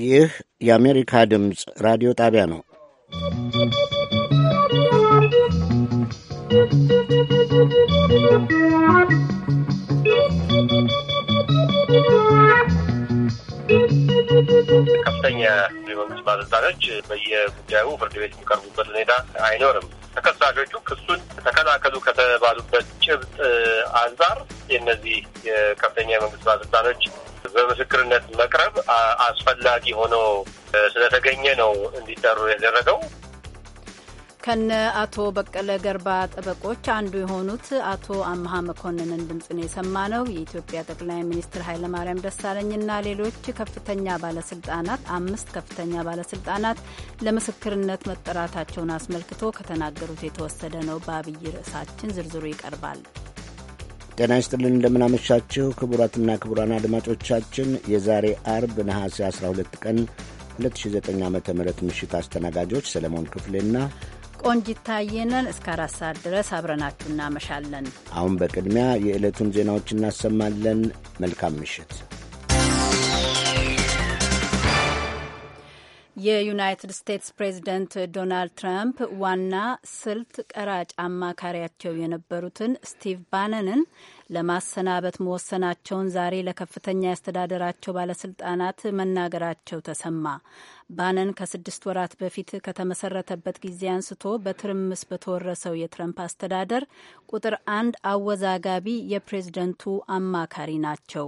ይህ የአሜሪካ ድምፅ ራዲዮ ጣቢያ ነው። ከፍተኛ የመንግስት ባለስልጣኖች በየጉዳዩ ፍርድ ቤት የሚቀርቡበት ሁኔታ አይኖርም። ተከሳሾቹ ክሱን ተከላከሉ ከተባሉበት ጭብጥ አንጻር የእነዚህ የከፍተኛ የመንግስት ባለስልጣኖች በምስክርነት መቅረብ አስፈላጊ ሆኖ ስለተገኘ ነው እንዲጠሩ ያደረገው። ከነ አቶ በቀለ ገርባ ጠበቆች አንዱ የሆኑት አቶ አምሃ መኮንንን ድምፅ ነው የሰማነው። የኢትዮጵያ ጠቅላይ ሚኒስትር ኃይለማርያም ደሳለኝና ሌሎች ከፍተኛ ባለስልጣናት አምስት ከፍተኛ ባለስልጣናት ለምስክርነት መጠራታቸውን አስመልክቶ ከተናገሩት የተወሰደ ነው። በአብይ ርዕሳችን ዝርዝሩ ይቀርባል። ጤና ይስጥልን፣ እንደምናመሻችሁ ክቡራትና ክቡራን አድማጮቻችን የዛሬ አርብ ነሐሴ 12 ቀን 2009 ዓ ም ምሽት አስተናጋጆች ሰለሞን ክፍሌና ቆንጂት ታየነን እስከ አራት ሰዓት ድረስ አብረናችሁ እናመሻለን። አሁን በቅድሚያ የዕለቱን ዜናዎች እናሰማለን። መልካም ምሽት። የዩናይትድ ስቴትስ ፕሬዚደንት ዶናልድ ትራምፕ ዋና ስልት ቀራጭ አማካሪያቸው የነበሩትን ስቲቭ ባነንን ለማሰናበት መወሰናቸውን ዛሬ ለከፍተኛ የአስተዳደራቸው ባለስልጣናት መናገራቸው ተሰማ። ባነን ከስድስት ወራት በፊት ከተመሰረተበት ጊዜ አንስቶ በትርምስ በተወረሰው የትረምፕ አስተዳደር ቁጥር አንድ አወዛጋቢ የፕሬዝደንቱ አማካሪ ናቸው።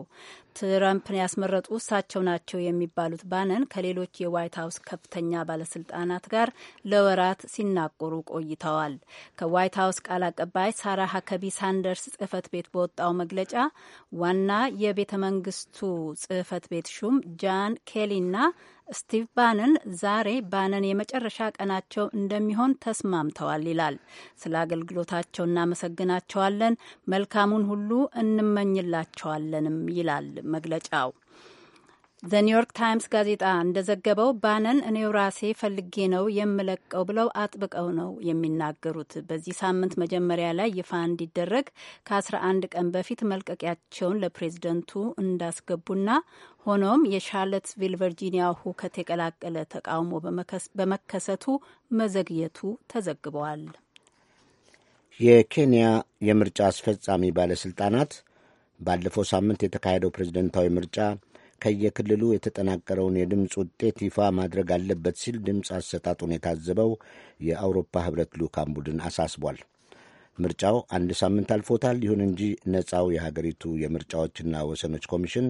ትረምፕን ያስመረጡ እሳቸው ናቸው የሚባሉት ባነን ከሌሎች የዋይት ሀውስ ከፍተኛ ባለስልጣናት ጋር ለወራት ሲናቆሩ ቆይተዋል። ከዋይት ሀውስ ቃል አቀባይ ሳራ ሀከቢ ሳንደርስ ጽህፈት ቤት በወጣው መግለጫ ዋና የቤተ መንግስቱ ጽህፈት ቤት ሹም ጃን ኬሊና ስቲቭ ባነን ዛሬ ባነን የመጨረሻ ቀናቸው እንደሚሆን ተስማምተዋል ይላል። ስለ አገልግሎታቸው እናመሰግናቸዋለን፣ መልካሙን ሁሉ እንመኝላቸዋለንም ይላል መግለጫው። ዘ ኒውዮርክ ታይምስ ጋዜጣ እንደዘገበው ባነን እኔው ራሴ ፈልጌ ነው የምለቀው ብለው አጥብቀው ነው የሚናገሩት። በዚህ ሳምንት መጀመሪያ ላይ ይፋ እንዲደረግ ከ11 ቀን በፊት መልቀቂያቸውን ለፕሬዝደንቱ እንዳስገቡና ሆኖም የሻርለትስቪል ቨርጂኒያ ሁከት የቀላቀለ ተቃውሞ በመከሰቱ መዘግየቱ ተዘግበዋል። የኬንያ የምርጫ አስፈጻሚ ባለሥልጣናት ባለፈው ሳምንት የተካሄደው ፕሬዝደንታዊ ምርጫ ከየክልሉ የተጠናቀረውን የድምፅ ውጤት ይፋ ማድረግ አለበት ሲል ድምፅ አሰጣጡን የታዘበው የአውሮፓ ሕብረት ልዑካን ቡድን አሳስቧል። ምርጫው አንድ ሳምንት አልፎታል። ይሁን እንጂ ነፃው የሀገሪቱ የምርጫዎችና ወሰኖች ኮሚሽን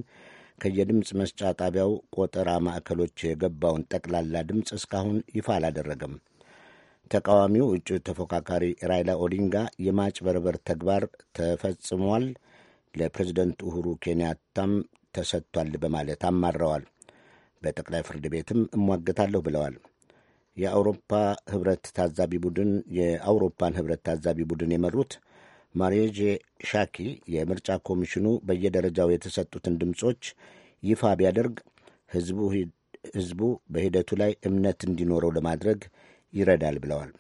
ከየድምፅ መስጫ ጣቢያው ቆጠራ ማዕከሎች የገባውን ጠቅላላ ድምፅ እስካሁን ይፋ አላደረገም። ተቃዋሚው እጩ ተፎካካሪ ራይላ ኦዲንጋ የማጭበርበር ተግባር ተፈጽሟል፣ ለፕሬዝደንት ኡሁሩ ኬንያታም ተሰጥቷል በማለት አማረዋል። በጠቅላይ ፍርድ ቤትም እሟገታለሁ ብለዋል። የአውሮፓ ህብረት ታዛቢ ቡድን የአውሮፓን ህብረት ታዛቢ ቡድን የመሩት ማሪጄ ሻኪ የምርጫ ኮሚሽኑ በየደረጃው የተሰጡትን ድምፆች ይፋ ቢያደርግ ህዝቡ በሂደቱ ላይ እምነት እንዲኖረው ለማድረግ ይረዳል ብለዋል።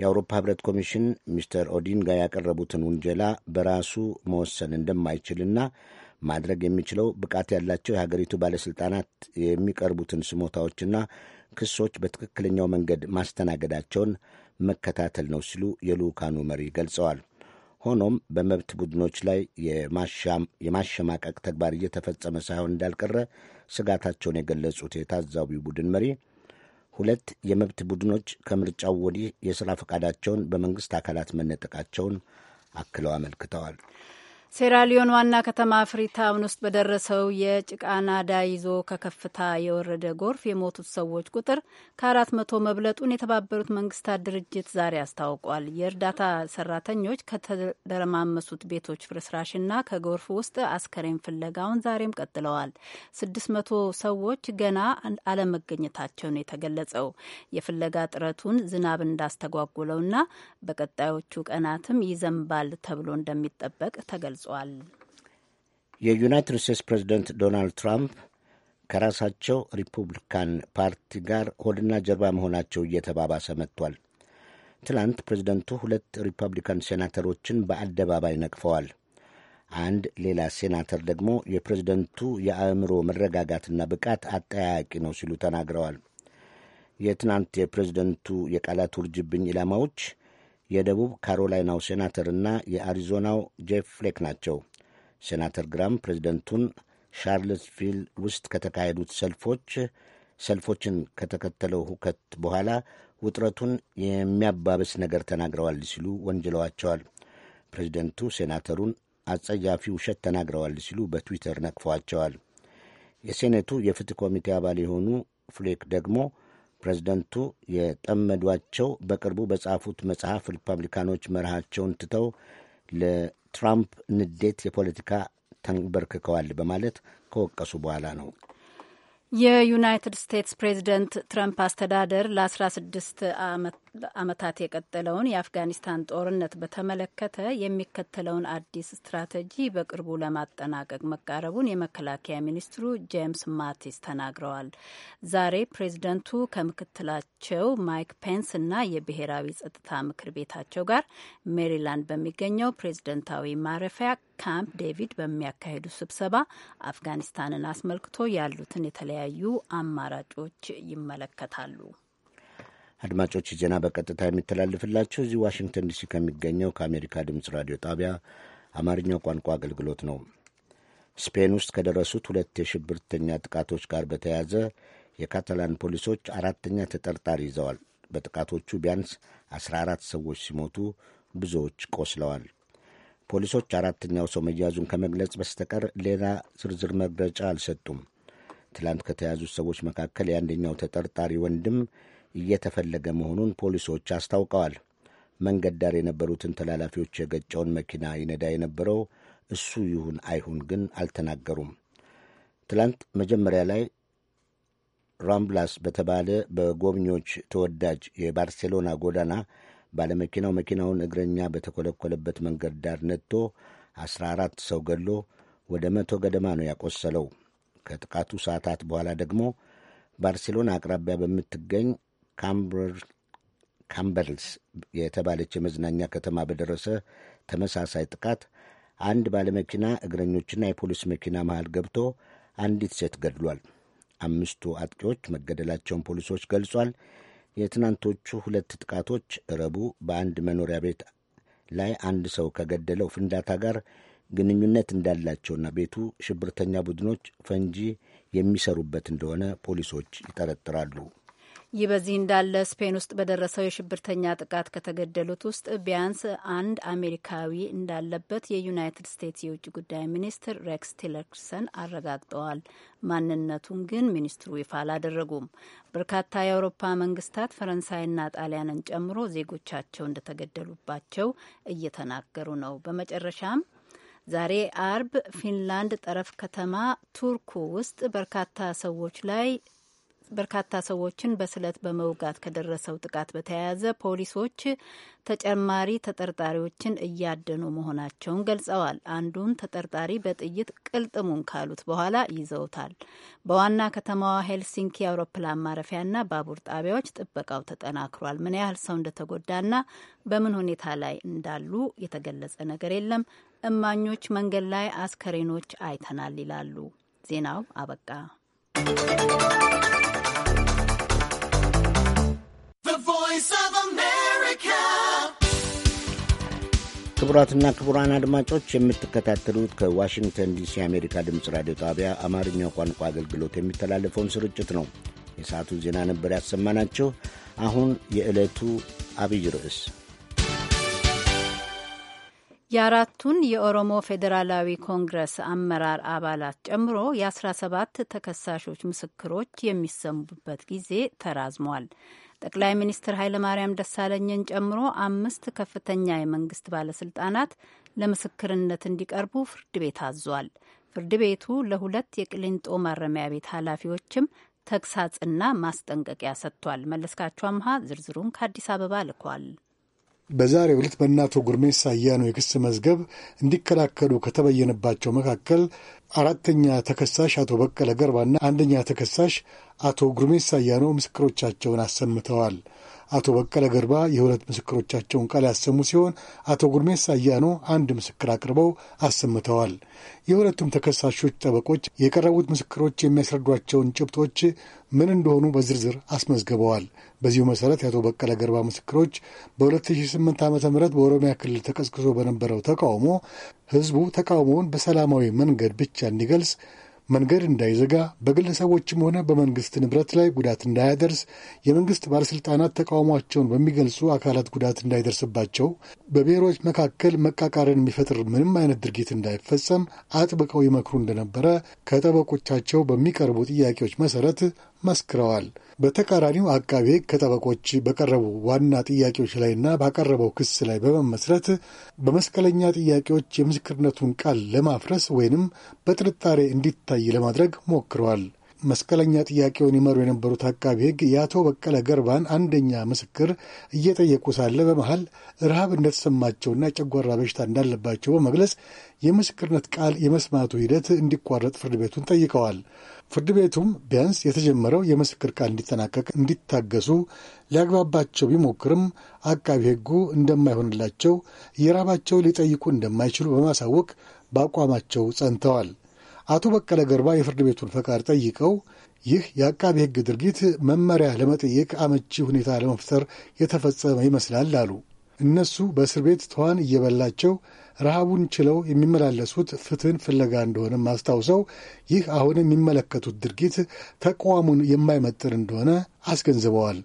የአውሮፓ ህብረት ኮሚሽን ሚስተር ኦዲንጋ ያቀረቡትን ውንጀላ በራሱ መወሰን እንደማይችልና ማድረግ የሚችለው ብቃት ያላቸው የሀገሪቱ ባለሥልጣናት የሚቀርቡትን ስሞታዎችና ክሶች በትክክለኛው መንገድ ማስተናገዳቸውን መከታተል ነው ሲሉ የልዑካኑ መሪ ገልጸዋል። ሆኖም በመብት ቡድኖች ላይ የማሸማቀቅ ተግባር እየተፈጸመ ሳይሆን እንዳልቀረ ስጋታቸውን የገለጹት የታዛቢው ቡድን መሪ ሁለት የመብት ቡድኖች ከምርጫው ወዲህ የሥራ ፈቃዳቸውን በመንግሥት አካላት መነጠቃቸውን አክለው አመልክተዋል። ሴራሊዮን ዋና ከተማ ፍሪታውን ውስጥ በደረሰው የጭቃ ናዳ ይዞ ከከፍታ የወረደ ጎርፍ የሞቱት ሰዎች ቁጥር ከአራት መቶ መብለጡን የተባበሩት መንግስታት ድርጅት ዛሬ አስታውቋል። የእርዳታ ሰራተኞች ከተደረማመሱት ቤቶች ፍርስራሽና ከጎርፍ ውስጥ አስከሬን ፍለጋውን ዛሬም ቀጥለዋል። ስድስት መቶ ሰዎች ገና አለመገኘታቸው ነው የተገለጸው። የፍለጋ ጥረቱን ዝናብ እንዳስተጓጉለውና በቀጣዮቹ ቀናትም ይዘንባል ተብሎ እንደሚጠበቅ ተገልጿል። ገልጿል። የዩናይትድ ስቴትስ ፕሬዚደንት ዶናልድ ትራምፕ ከራሳቸው ሪፑብሊካን ፓርቲ ጋር ሆድና ጀርባ መሆናቸው እየተባባሰ መጥቷል። ትላንት ፕሬዚደንቱ ሁለት ሪፐብሊካን ሴናተሮችን በአደባባይ ነቅፈዋል። አንድ ሌላ ሴናተር ደግሞ የፕሬዚደንቱ የአእምሮ መረጋጋትና ብቃት አጠያያቂ ነው ሲሉ ተናግረዋል። የትናንት የፕሬዚደንቱ የቃላት ውርጅብኝ ኢላማዎች የደቡብ ካሮላይናው ሴናተርና የአሪዞናው ጄፍ ፍሌክ ናቸው። ሴናተር ግራም ፕሬዚደንቱን ሻርልስቪል ውስጥ ከተካሄዱት ሰልፎች ሰልፎችን ከተከተለው ሁከት በኋላ ውጥረቱን የሚያባብስ ነገር ተናግረዋል ሲሉ ወንጅለዋቸዋል። ፕሬዚደንቱ ሴናተሩን አጸያፊ ውሸት ተናግረዋል ሲሉ በትዊተር ነቅፈዋቸዋል። የሴኔቱ የፍትህ ኮሚቴ አባል የሆኑ ፍሌክ ደግሞ ፕሬዝደንቱ የጠመዷቸው በቅርቡ በጻፉት መጽሐፍ ሪፐብሊካኖች መርሃቸውን ትተው ለትራምፕ ንዴት የፖለቲካ ተንበርክከዋል በማለት ከወቀሱ በኋላ ነው። የዩናይትድ ስቴትስ ፕሬዝደንት ትራምፕ አስተዳደር ለ16 ዓመት ዓመታት የቀጠለውን የአፍጋኒስታን ጦርነት በተመለከተ የሚከተለውን አዲስ ስትራቴጂ በቅርቡ ለማጠናቀቅ መቃረቡን የመከላከያ ሚኒስትሩ ጄምስ ማቲስ ተናግረዋል። ዛሬ ፕሬዝደንቱ ከምክትላቸው ማይክ ፔንስ እና የብሔራዊ ጸጥታ ምክር ቤታቸው ጋር ሜሪላንድ በሚገኘው ፕሬዝደንታዊ ማረፊያ ካምፕ ዴቪድ በሚያካሂዱ ስብሰባ አፍጋኒስታንን አስመልክቶ ያሉትን የተለያዩ አማራጮች ይመለከታሉ። አድማጮች ዜና በቀጥታ የሚተላልፍላቸው እዚህ ዋሽንግተን ዲሲ ከሚገኘው ከአሜሪካ ድምፅ ራዲዮ ጣቢያ አማርኛው ቋንቋ አገልግሎት ነው። ስፔን ውስጥ ከደረሱት ሁለት የሽብርተኛ ጥቃቶች ጋር በተያያዘ የካታላን ፖሊሶች አራተኛ ተጠርጣሪ ይዘዋል። በጥቃቶቹ ቢያንስ 14 ሰዎች ሲሞቱ ብዙዎች ቆስለዋል። ፖሊሶች አራተኛው ሰው መያዙን ከመግለጽ በስተቀር ሌላ ዝርዝር መግለጫ አልሰጡም። ትላንት ከተያዙት ሰዎች መካከል የአንደኛው ተጠርጣሪ ወንድም እየተፈለገ መሆኑን ፖሊሶች አስታውቀዋል። መንገድ ዳር የነበሩትን ተላላፊዎች የገጨውን መኪና ይነዳ የነበረው እሱ ይሁን አይሁን ግን አልተናገሩም። ትላንት መጀመሪያ ላይ ራምብላስ በተባለ በጎብኚዎች ተወዳጅ የባርሴሎና ጎዳና ባለመኪናው መኪናውን እግረኛ በተኮለኮለበት መንገድ ዳር አስራ አራት ሰው ገድሎ ወደ መቶ ገደማ ነው ያቆሰለው። ከጥቃቱ ሰዓታት በኋላ ደግሞ ባርሴሎና አቅራቢያ በምትገኝ ካምበርልስ የተባለች የመዝናኛ ከተማ በደረሰ ተመሳሳይ ጥቃት አንድ ባለመኪና እግረኞችና የፖሊስ መኪና መሃል ገብቶ አንዲት ሴት ገድሏል። አምስቱ አጥቂዎች መገደላቸውን ፖሊሶች ገልጿል። የትናንቶቹ ሁለት ጥቃቶች ረቡ በአንድ መኖሪያ ቤት ላይ አንድ ሰው ከገደለው ፍንዳታ ጋር ግንኙነት እንዳላቸውና ቤቱ ሽብርተኛ ቡድኖች ፈንጂ የሚሰሩበት እንደሆነ ፖሊሶች ይጠረጥራሉ። ይህ በዚህ እንዳለ ስፔን ውስጥ በደረሰው የሽብርተኛ ጥቃት ከተገደሉት ውስጥ ቢያንስ አንድ አሜሪካዊ እንዳለበት የዩናይትድ ስቴትስ የውጭ ጉዳይ ሚኒስትር ሬክስ ቲለርሰን አረጋግጠዋል። ማንነቱም ግን ሚኒስትሩ ይፋ አላደረጉም። በርካታ የአውሮፓ መንግስታት ፈረንሳይና ጣሊያንን ጨምሮ ዜጎቻቸው እንደተገደሉባቸው እየተናገሩ ነው። በመጨረሻም ዛሬ አርብ ፊንላንድ ጠረፍ ከተማ ቱርኩ ውስጥ በርካታ ሰዎች ላይ በርካታ ሰዎችን በስለት በመውጋት ከደረሰው ጥቃት በተያያዘ ፖሊሶች ተጨማሪ ተጠርጣሪዎችን እያደኑ መሆናቸውን ገልጸዋል። አንዱን ተጠርጣሪ በጥይት ቅልጥሙን ካሉት በኋላ ይዘውታል። በዋና ከተማዋ ሄልሲንኪ አውሮፕላን ማረፊያና ባቡር ጣቢያዎች ጥበቃው ተጠናክሯል። ምን ያህል ሰው እንደተጎዳና በምን ሁኔታ ላይ እንዳሉ የተገለጸ ነገር የለም። እማኞች መንገድ ላይ አስከሬኖች አይተናል ይላሉ። ዜናው አበቃ። ክቡራትና ክቡራን አድማጮች የምትከታተሉት ከዋሽንግተን ዲሲ የአሜሪካ ድምፅ ራዲዮ ጣቢያ አማርኛው ቋንቋ አገልግሎት የሚተላለፈውን ስርጭት ነው። የሰዓቱ ዜና ነበር ያሰማናቸው። አሁን የዕለቱ አብይ ርዕስ የአራቱን የኦሮሞ ፌዴራላዊ ኮንግረስ አመራር አባላት ጨምሮ የ17 ተከሳሾች ምስክሮች የሚሰሙበት ጊዜ ተራዝሟል። ጠቅላይ ሚኒስትር ኃይለማርያም ደሳለኝን ጨምሮ አምስት ከፍተኛ የመንግስት ባለስልጣናት ለምስክርነት እንዲቀርቡ ፍርድ ቤት አዟል። ፍርድ ቤቱ ለሁለት የቅሊንጦ ማረሚያ ቤት ኃላፊዎችም ተግሳጽና ማስጠንቀቂያ ሰጥቷል። መለስካቸው አምሃ ዝርዝሩን ከአዲስ አበባ ልኳል። በዛሬ ዕለት በእናቶ ጉርሜሳ አያኖ የክስ መዝገብ እንዲከላከሉ ከተበየነባቸው መካከል አራተኛ ተከሳሽ አቶ በቀለ ገርባና አንደኛ ተከሳሽ አቶ ጉርሜሳ አያኖ ምስክሮቻቸውን አሰምተዋል። አቶ በቀለ ገርባ የሁለት ምስክሮቻቸውን ቃል ያሰሙ ሲሆን አቶ ጉርሜሳ አያኖ አንድ ምስክር አቅርበው አሰምተዋል። የሁለቱም ተከሳሾች ጠበቆች የቀረቡት ምስክሮች የሚያስረዷቸውን ጭብጦች ምን እንደሆኑ በዝርዝር አስመዝግበዋል። በዚሁ መሰረት የአቶ በቀለ ገርባ ምስክሮች በ2008 ዓ ም በኦሮሚያ ክልል ተቀስቅሶ በነበረው ተቃውሞ ህዝቡ ተቃውሞውን በሰላማዊ መንገድ ብቻ እንዲገልጽ መንገድ እንዳይዘጋ በግለሰቦችም ሆነ በመንግስት ንብረት ላይ ጉዳት እንዳያደርስ የመንግስት ባለስልጣናት ተቃውሟቸውን በሚገልጹ አካላት ጉዳት እንዳይደርስባቸው በብሔሮች መካከል መቃቃርን የሚፈጥር ምንም አይነት ድርጊት እንዳይፈጸም አጥብቀው ይመክሩ እንደነበረ ከጠበቆቻቸው በሚቀርቡ ጥያቄዎች መሰረት መስክረዋል። በተቃራኒው አቃቤ ሕግ ከጠበቆች በቀረቡ ዋና ጥያቄዎች ላይና ባቀረበው ክስ ላይ በመመስረት በመስቀለኛ ጥያቄዎች የምስክርነቱን ቃል ለማፍረስ ወይንም በጥርጣሬ እንዲታይ ለማድረግ ሞክረዋል። መስቀለኛ ጥያቄውን ይመሩ የነበሩት አቃቢ ሕግ የአቶ በቀለ ገርባን አንደኛ ምስክር እየጠየቁ ሳለ በመሃል ረሃብ እንደተሰማቸውና የጨጓራ በሽታ እንዳለባቸው በመግለጽ የምስክርነት ቃል የመስማቱ ሂደት እንዲቋረጥ ፍርድ ቤቱን ጠይቀዋል። ፍርድ ቤቱም ቢያንስ የተጀመረው የምስክር ቃል እንዲጠናቀቅ እንዲታገሱ ሊያግባባቸው ቢሞክርም አቃቢ ሕጉ እንደማይሆንላቸው እየራባቸው ሊጠይቁ እንደማይችሉ በማሳወቅ በአቋማቸው ጸንተዋል። አቶ በቀለ ገርባ የፍርድ ቤቱን ፈቃድ ጠይቀው ይህ የአቃቢ ሕግ ድርጊት መመሪያ ለመጠየቅ አመቺ ሁኔታ ለመፍጠር የተፈጸመ ይመስላል አሉ። እነሱ በእስር ቤት ተዋን እየበላቸው ረሃቡን ችለው የሚመላለሱት ፍትህን ፍለጋ እንደሆነ አስታውሰው ይህ አሁን የሚመለከቱት ድርጊት ተቋሙን የማይመጥን እንደሆነ አስገንዝበዋል።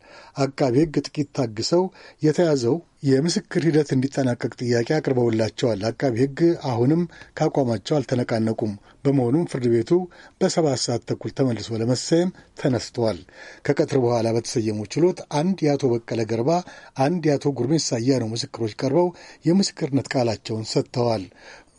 አቃቢ ሕግ ጥቂት ታግሰው የተያዘው የምስክር ሂደት እንዲጠናቀቅ ጥያቄ አቅርበውላቸዋል። አቃቢ ሕግ አሁንም ከአቋማቸው አልተነቃነቁም። በመሆኑም ፍርድ ቤቱ በሰባት ሰዓት ተኩል ተመልሶ ለመሰየም ተነስቷል። ከቀትር በኋላ በተሰየመው ችሎት አንድ የአቶ በቀለ ገርባ፣ አንድ የአቶ ጉርሜሳ አያነው ምስክሮች ቀርበው የምስክርነት ቃላቸውን ሰጥተዋል።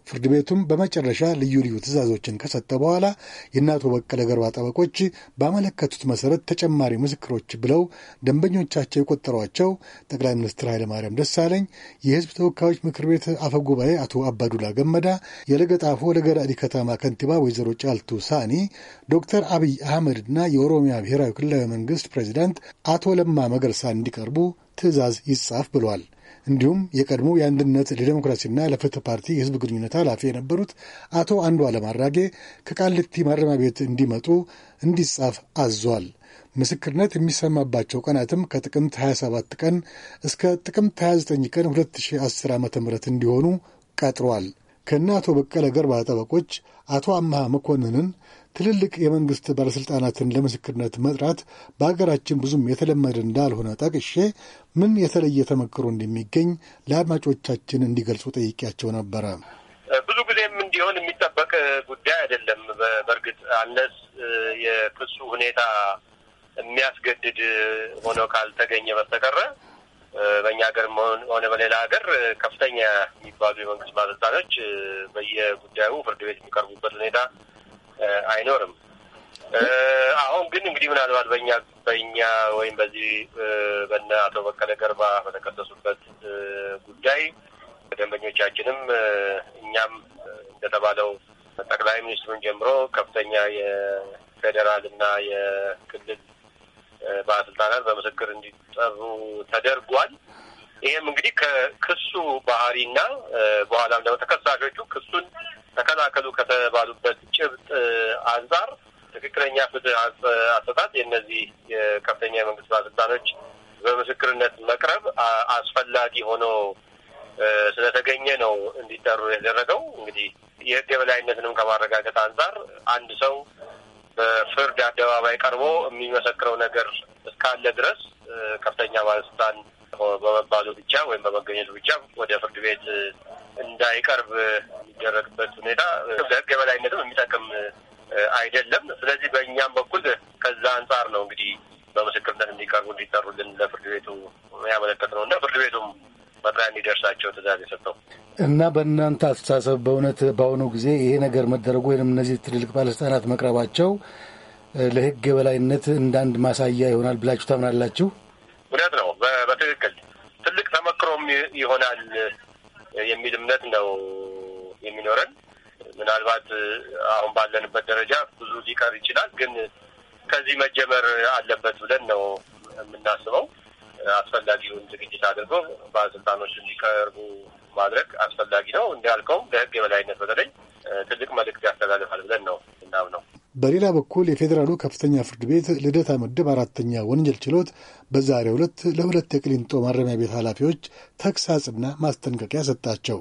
ፍርድ ቤቱም በመጨረሻ ልዩ ልዩ ትእዛዞችን ከሰጠ በኋላ የእነ አቶ በቀለ ገርባ ጠበቆች ባመለከቱት መሰረት ተጨማሪ ምስክሮች ብለው ደንበኞቻቸው የቆጠሯቸው ጠቅላይ ሚኒስትር ኃይለማርያም ደሳለኝ፣ የህዝብ ተወካዮች ምክር ቤት አፈ ጉባኤ አቶ አባዱላ ገመዳ፣ የለገጣፎ ለገዳዲ ከተማ ከንቲባ ወይዘሮ ጫልቱ ሳኒ፣ ዶክተር አብይ አህመድ እና የኦሮሚያ ብሔራዊ ክልላዊ መንግስት ፕሬዚዳንት አቶ ለማ መገርሳ እንዲቀርቡ ትዕዛዝ ይጻፍ ብሏል። እንዲሁም የቀድሞ የአንድነት ለዲሞክራሲና ለፍትህ ፓርቲ የህዝብ ግንኙነት ኃላፊ የነበሩት አቶ አንዱ አለም አራጌ ከቃሊቲ ማረሚያ ቤት እንዲመጡ እንዲጻፍ አዟል። ምስክርነት የሚሰማባቸው ቀናትም ከጥቅምት 27 ቀን እስከ ጥቅምት 29 ቀን 2010 ዓ ም እንዲሆኑ ቀጥሯል። ከእነ አቶ በቀለ ገርባ ጠበቆች አቶ አመሃ መኮንንን ትልልቅ የመንግሥት ባለሥልጣናትን ለምስክርነት መጥራት በአገራችን ብዙም የተለመደ እንዳልሆነ ጠቅሼ ምን የተለየ ተመክሮ እንደሚገኝ ለአድማጮቻችን እንዲገልጹ ጠይቄያቸው ነበረ። ብዙ ጊዜም እንዲሆን የሚጠበቅ ጉዳይ አይደለም። በእርግጥ አነስ የክሱ ሁኔታ የሚያስገድድ ሆኖ ካልተገኘ በስተቀረ በእኛ ሀገር ሆነ በሌላ ሀገር ከፍተኛ የሚባሉ የመንግስት ባለስልጣኖች በየጉዳዩ ፍርድ ቤት የሚቀርቡበት ሁኔታ አይኖርም። አሁን ግን እንግዲህ ምናልባት በእኛ በእኛ ወይም በዚህ በነ አቶ በቀለ ገርባ በተከሰሱበት ጉዳይ ደንበኞቻችንም እኛም እንደተባለው ጠቅላይ ሚኒስትሩን ጀምሮ ከፍተኛ የፌዴራል እና የክልል ባለስልጣናት በምስክር እንዲጠሩ ተደርጓል። ይህም እንግዲህ ከክሱ ባህሪና በኋላም ደግሞ ተከሳሾቹ ክሱን ተከላከሉ ከተባሉበት ጭብጥ አንጻር ትክክለኛ ፍትህ አሰጣጥ የእነዚህ የከፍተኛ የመንግስት ባለስልጣኖች በምስክርነት መቅረብ አስፈላጊ ሆኖ ስለተገኘ ነው እንዲጠሩ ያደረገው። እንግዲህ የህግ የበላይነትንም ከማረጋገጥ አንጻር አንድ ሰው በፍርድ አደባባይ ቀርቦ የሚመሰክረው ነገር እስካለ ድረስ ከፍተኛ ባለስልጣን በመባሉ ብቻ ወይም በመገኘቱ ብቻ ወደ ፍርድ ቤት እንዳይቀርብ የሚደረግበት ሁኔታ ለህግ የበላይነትም የሚጠቅም አይደለም። ስለዚህ በእኛም በኩል ከዛ አንጻር ነው እንግዲህ በምስክርነት እንዲቀርቡ እንዲጠሩልን ለፍርድ ቤቱ ያመለከት ነው እና ፍርድ ቤቱም መጥሪያ እንዲደርሳቸው ትእዛዝ የሰጠው እና በእናንተ አስተሳሰብ በእውነት በአሁኑ ጊዜ ይሄ ነገር መደረጉ ወይም እነዚህ ትልልቅ ባለስልጣናት መቅረባቸው ለህግ የበላይነት እንዳንድ ማሳያ ይሆናል ብላችሁ ታምናላችሁ? እውነት ነው። በትክክል ትልቅ ተመክሮም ይሆናል የሚል እምነት ነው የሚኖረን። ምናልባት አሁን ባለንበት ደረጃ ብዙ ሊቀር ይችላል፣ ግን ከዚህ መጀመር አለበት ብለን ነው የምናስበው። አስፈላጊውን ዝግጅት አድርጎ ባለስልጣኖች እንዲቀርቡ ማድረግ አስፈላጊ ነው። እንዲያልከውም ለህግ የበላይነት በተለይ ትልቅ መልእክት ያስተላልፋል ብለን ነው በሌላ በኩል የፌዴራሉ ከፍተኛ ፍርድ ቤት ልደታ ምድብ አራተኛ ወንጀል ችሎት በዛሬ ዕለት ለሁለት የቅሊንጦ ማረሚያ ቤት ኃላፊዎች ተግሳጽና ማስጠንቀቂያ ሰጣቸው።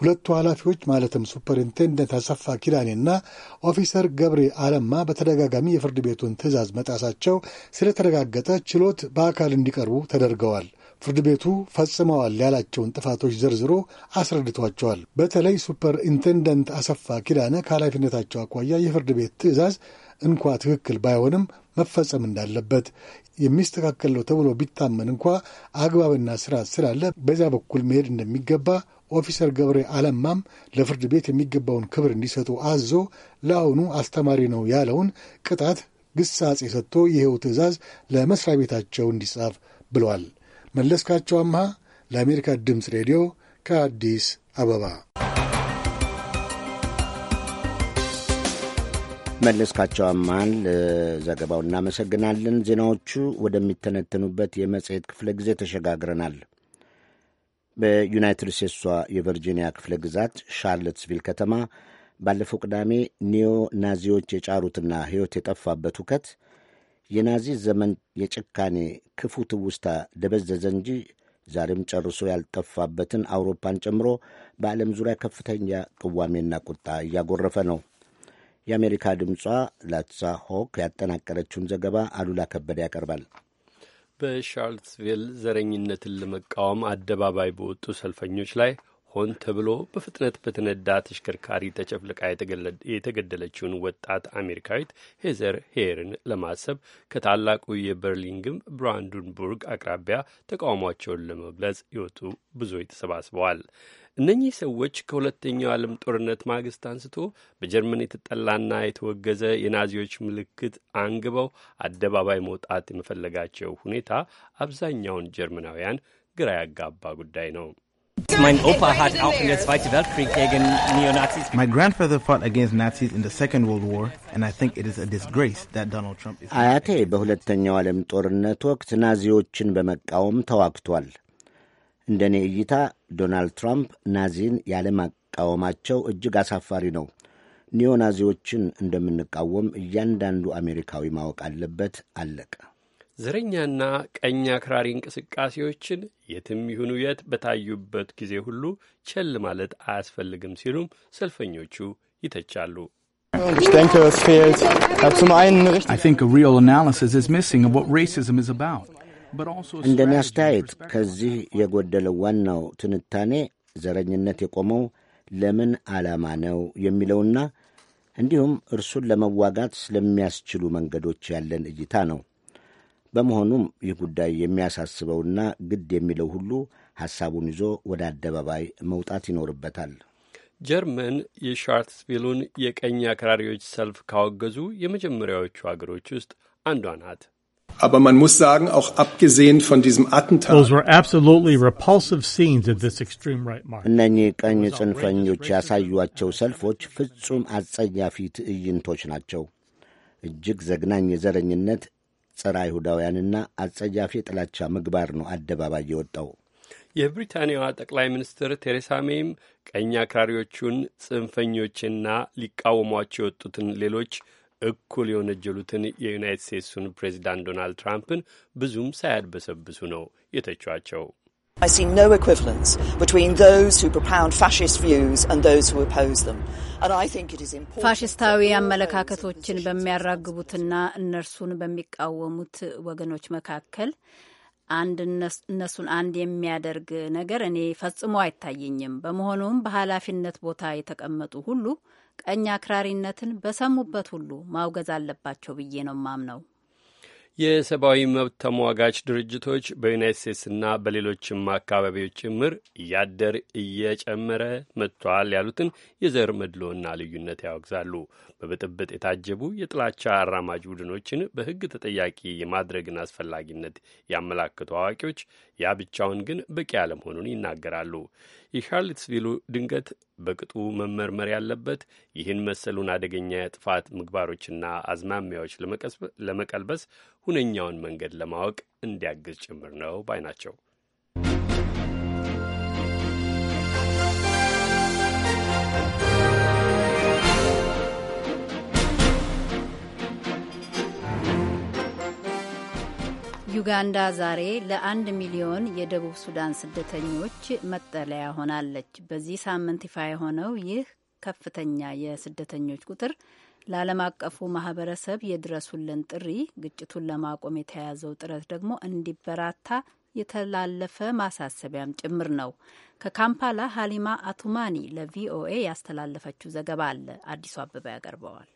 ሁለቱ ኃላፊዎች ማለትም ሱፐርኢንቴንደንት አሰፋ ኪዳኔና ኦፊሰር ገብሬ አለማ በተደጋጋሚ የፍርድ ቤቱን ትዕዛዝ መጣሳቸው ስለተረጋገጠ ችሎት በአካል እንዲቀርቡ ተደርገዋል። ፍርድ ቤቱ ፈጽመዋል ያላቸውን ጥፋቶች ዘርዝሮ አስረድቷቸዋል። በተለይ ሱፐር ኢንቴንደንት አሰፋ ኪዳነ ከኃላፊነታቸው አኳያ የፍርድ ቤት ትዕዛዝ እንኳ ትክክል ባይሆንም መፈጸም እንዳለበት የሚስተካከለው ተብሎ ቢታመን እንኳ አግባብና ስርዓት ስላለ በዚያ በኩል መሄድ እንደሚገባ ኦፊሰር ገብሬ አለማም ለፍርድ ቤት የሚገባውን ክብር እንዲሰጡ አዞ ለአሁኑ አስተማሪ ነው ያለውን ቅጣት ግሳጼ ሰጥቶ ይኸው ትዕዛዝ ለመስሪያ ቤታቸው እንዲጻፍ ብለዋል። መለስካቸው አምሃ ለአሜሪካ ድምፅ ሬዲዮ ከአዲስ አበባ። መለስካቸው አምሃን ለዘገባው እናመሰግናለን። ዜናዎቹ ወደሚተነተኑበት የመጽሔት ክፍለ ጊዜ ተሸጋግረናል። በዩናይትድ ስቴትሷ የቨርጂኒያ ክፍለ ግዛት ሻርለትስቪል ከተማ ባለፈው ቅዳሜ ኒዮ ናዚዎች የጫሩትና ሕይወት የጠፋበት ሁከት የናዚ ዘመን የጭካኔ ክፉ ትውስታ ደበዘዘ እንጂ ዛሬም ጨርሶ ያልጠፋበትን አውሮፓን ጨምሮ በዓለም ዙሪያ ከፍተኛ ቅዋሜና ቁጣ እያጎረፈ ነው። የአሜሪካ ድምጿ ላትሳ ሆክ ያጠናቀረችውን ዘገባ አሉላ ከበደ ያቀርባል። በሻርልስቪል ዘረኝነትን ለመቃወም አደባባይ በወጡ ሰልፈኞች ላይ ሆን ተብሎ በፍጥነት በተነዳ ተሽከርካሪ ተጨፍልቃ የተገደለችውን ወጣት አሜሪካዊት ሄዘር ሄርን ለማሰብ ከታላቁ የበርሊን ግንብ ብራንድንቡርግ አቅራቢያ ተቃውሟቸውን ለመግለጽ የወጡ ብዙዎች ተሰባስበዋል። እነኚህ ሰዎች ከሁለተኛው ዓለም ጦርነት ማግስት አንስቶ በጀርመን የተጠላና የተወገዘ የናዚዎች ምልክት አንግበው አደባባይ መውጣት የመፈለጋቸው ሁኔታ አብዛኛውን ጀርመናውያን ግራ ያጋባ ጉዳይ ነው። Mein Opa hat auch in der Zweiten Weltkrieg gegen Neonazis. My grandfather fought against Nazis in the Second World War and I think it is a disgrace that Donald Trump is አያቴ በሁለተኛው ዓለም ጦርነት ወቅት ናዚዎችን በመቃወም ተዋግቷል። እንደ እኔ እይታ ዶናልድ ትራምፕ ናዚን ያለማቃወማቸው እጅግ አሳፋሪ ነው። ኒዮናዚዎችን እንደምንቃወም እያንዳንዱ አሜሪካዊ ማወቅ አለበት። አለቀ። ዘረኛና ቀኝ አክራሪ እንቅስቃሴዎችን የትም ይሁኑ የት በታዩበት ጊዜ ሁሉ ቸል ማለት አያስፈልግም ሲሉም ሰልፈኞቹ ይተቻሉ። እንደኔ አስተያየት ከዚህ የጎደለው ዋናው ትንታኔ ዘረኝነት የቆመው ለምን ዓላማ ነው የሚለውና እንዲሁም እርሱን ለመዋጋት ስለሚያስችሉ መንገዶች ያለን እይታ ነው። በመሆኑም ይህ ጉዳይ የሚያሳስበውና ግድ የሚለው ሁሉ ሐሳቡን ይዞ ወደ አደባባይ መውጣት ይኖርበታል። ጀርመን የሻርትስቪሉን የቀኝ አክራሪዎች ሰልፍ ካወገዙ የመጀመሪያዎቹ አገሮች ውስጥ አንዷ ናት። Aber man muss sagen, auch abgesehen von diesem Attentat, እነኚህ ቀኝ ጽንፈኞች ያሳዩቸው ሰልፎች ፍጹም አጸያፊ ትዕይንቶች ናቸው። እጅግ ዘግናኝ የዘረኝነት ጸረ አይሁዳውያንና አጸያፊ የጥላቻ ምግባር ነው አደባባይ የወጣው። የብሪታንያዋ ጠቅላይ ሚኒስትር ቴሬሳ ሜይም ቀኝ አክራሪዎቹን ጽንፈኞችና ሊቃወሟቸው የወጡትን ሌሎች እኩል የወነጀሉትን የዩናይት ስቴትሱን ፕሬዚዳንት ዶናልድ ትራምፕን ብዙም ሳያድበሰብሱ ነው የተቿቸው። I see no equivalence between those who propound fascist views and those who oppose them. ፋሽስታዊ አመለካከቶችን በሚያራግቡትና እነርሱን በሚቃወሙት ወገኖች መካከል አንድ እነሱን አንድ የሚያደርግ ነገር እኔ ፈጽሞ አይታየኝም። በመሆኑም በኃላፊነት ቦታ የተቀመጡ ሁሉ ቀኝ አክራሪነትን በሰሙበት ሁሉ ማውገዝ አለባቸው ብዬ ነው ማምነው። የሰብአዊ መብት ተሟጋች ድርጅቶች በዩናይት ስቴትስና በሌሎችም አካባቢዎች ጭምር እያደር እየጨመረ መጥቷል ያሉትን የዘር መድሎና ልዩነት ያወግዛሉ። በብጥብጥ የታጀቡ የጥላቻ አራማጅ ቡድኖችን በሕግ ተጠያቂ የማድረግን አስፈላጊነት ያመላክቱ አዋቂዎች ያ ብቻውን ግን በቂ አለመሆኑን ይናገራሉ። የሻርልትስቪሉ ድንገት በቅጡ መመርመር ያለበት ይህን መሰሉን አደገኛ የጥፋት ምግባሮችና አዝማሚያዎች ለመቀልበስ ሁነኛውን መንገድ ለማወቅ እንዲያግዝ ጭምር ነው ባይ ናቸው። ዩጋንዳ ዛሬ ለአንድ ሚሊዮን የደቡብ ሱዳን ስደተኞች መጠለያ ሆናለች። በዚህ ሳምንት ይፋ የሆነው ይህ ከፍተኛ የስደተኞች ቁጥር ለዓለም አቀፉ ማህበረሰብ የድረሱልን ጥሪ፣ ግጭቱን ለማቆም የተያዘው ጥረት ደግሞ እንዲበራታ የተላለፈ ማሳሰቢያም ጭምር ነው። ከካምፓላ ሀሊማ አቱማኒ ለቪኦኤ ያስተላለፈችው ዘገባ አለ። አዲሱ አበባ ያቀርበዋል።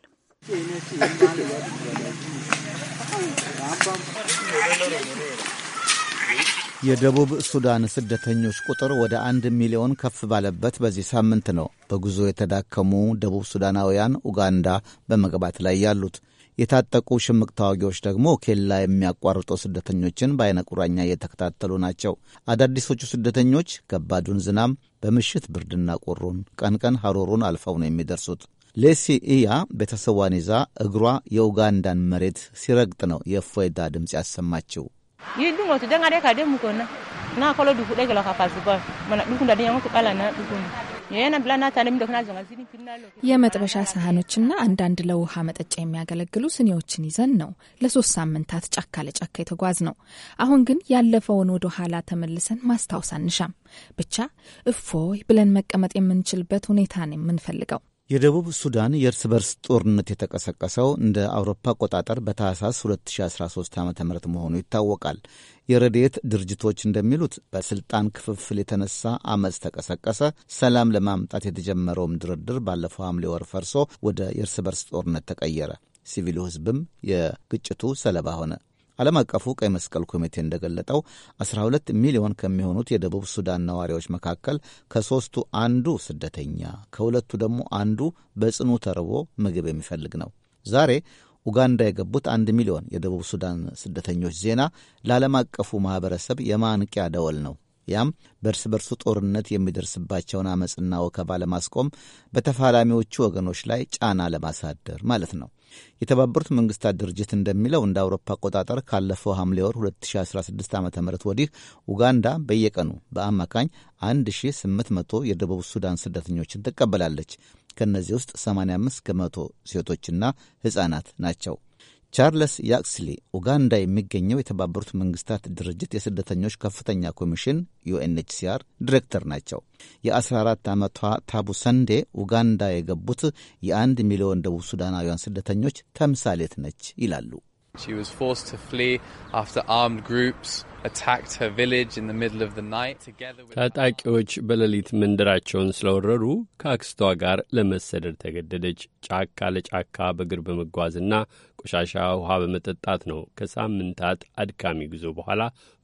የደቡብ ሱዳን ስደተኞች ቁጥር ወደ አንድ ሚሊዮን ከፍ ባለበት በዚህ ሳምንት ነው በጉዞ የተዳከሙ ደቡብ ሱዳናውያን ኡጋንዳ በመግባት ላይ ያሉት። የታጠቁ ሽምቅ ተዋጊዎች ደግሞ ኬላ የሚያቋርጡ ስደተኞችን በአይነ ቁራኛ እየተከታተሉ ናቸው። አዳዲሶቹ ስደተኞች ከባዱን ዝናም፣ በምሽት ብርድና ቁሩን፣ ቀን ቀን ሐሩሩን አልፈው ነው የሚደርሱት። ሌሲ ኢያ ቤተሰቧን ይዛ እግሯ የኡጋንዳን መሬት ሲረግጥ ነው የእፎይታ ድምፅ ያሰማችው። የመጥበሻ ሳህኖችና አንዳንድ ለውሃ መጠጫ የሚያገለግሉ ስኒዎችን ይዘን ነው ለሶስት ሳምንታት ጫካ ለጫካ የተጓዝ ነው። አሁን ግን ያለፈውን ወደ ኋላ ተመልሰን ማስታወስ አንሻም። ብቻ እፎይ ብለን መቀመጥ የምንችልበት ሁኔታ ነው የምንፈልገው የደቡብ ሱዳን የእርስ በርስ ጦርነት የተቀሰቀሰው እንደ አውሮፓ አቆጣጠር በታህሳስ 2013 ዓ ም መሆኑ ይታወቃል። የረድኤት ድርጅቶች እንደሚሉት በስልጣን ክፍፍል የተነሳ አመፅ ተቀሰቀሰ። ሰላም ለማምጣት የተጀመረውም ድርድር ባለፈው ሐምሌ ወር ፈርሶ ወደ የእርስ በርስ ጦርነት ተቀየረ። ሲቪሉ ሕዝብም የግጭቱ ሰለባ ሆነ። ዓለም አቀፉ ቀይ መስቀል ኮሚቴ እንደገለጠው 12 ሚሊዮን ከሚሆኑት የደቡብ ሱዳን ነዋሪዎች መካከል ከሦስቱ አንዱ ስደተኛ፣ ከሁለቱ ደግሞ አንዱ በጽኑ ተርቦ ምግብ የሚፈልግ ነው። ዛሬ ኡጋንዳ የገቡት አንድ ሚሊዮን የደቡብ ሱዳን ስደተኞች ዜና ለዓለም አቀፉ ማኅበረሰብ የማንቂያ ደወል ነው። ያም በእርስ በርሱ ጦርነት የሚደርስባቸውን አመፅና ወከባ ለማስቆም በተፋላሚዎቹ ወገኖች ላይ ጫና ለማሳደር ማለት ነው። የተባበሩት መንግስታት ድርጅት እንደሚለው እንደ አውሮፓ አቆጣጠር ካለፈው ሐምሌ ወር 2016 ዓ ም ወዲህ ኡጋንዳ በየቀኑ በአማካኝ 1800 የደቡብ ሱዳን ስደተኞችን ትቀበላለች። ከእነዚህ ውስጥ 85 ከመቶ ሴቶችና ሕፃናት ናቸው። ቻርለስ ያክስሊ ኡጋንዳ የሚገኘው የተባበሩት መንግስታት ድርጅት የስደተኞች ከፍተኛ ኮሚሽን ዩኤንኤችሲአር ዲሬክተር ናቸው። የ14 ዓመቷ ታቡ ሰንዴ ኡጋንዳ የገቡት የአንድ ሚሊዮን ደቡብ ሱዳናውያን ስደተኞች ተምሳሌት ነች ይላሉ። ታጣቂዎች በሌሊት መንደራቸውን ስለወረሩ ከአክስቷ ጋር ለመሰደድ ተገደደች። ጫካ ለጫካ በእግር በመጓዝና ቆሻሻ ውሃ በመጠጣት ነው ከሳምንታት አድካሚ ጉዞ በኋላ